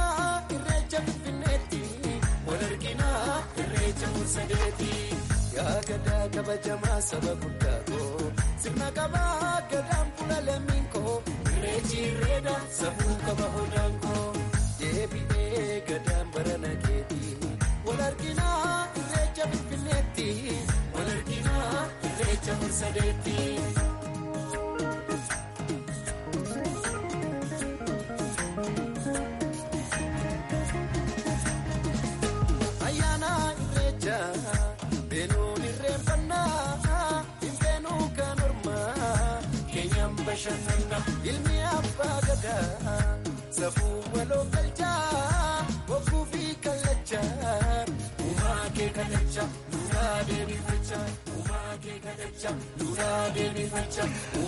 sadeeti yaa gadaa kabajamaa saba guddaa koo sirna qabaa gadaan bula lammiin koo reechiirreedha sabuu qaba hodaan koo deebi'ee gadaan barana keeti wal arginaa irreecha finfinneetti wal arginaa irreecha horsadeetti.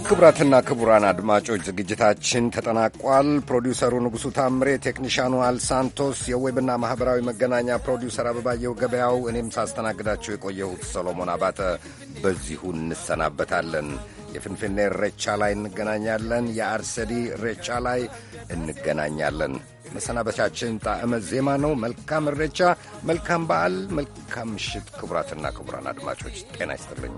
ክቡራትና ክቡራን አድማጮች ዝግጅታችን ተጠናቋል። ፕሮዲውሰሩ ንጉሡ ታምሬ፣ ቴክኒሻኑ አልሳንቶስ፣ የዌብና ማኅበራዊ መገናኛ ፕሮዲውሰር አበባየው ገበያው፣ እኔም ሳስተናግዳቸው የቆየሁት ሰሎሞን አባተ በዚሁ እንሰናበታለን። የፍንፍኔ ሬቻ ላይ እንገናኛለን። የአርሰዲ ሬቻ ላይ እንገናኛለን። መሰናበቻችን ጣዕመ ዜማ ነው። መልካም ሬቻ፣ መልካም በዓል፣ መልካም ምሽት። ክቡራትና ክቡራን አድማጮች ጤና ይስጥልኝ።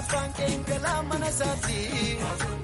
Afaan keenya lama na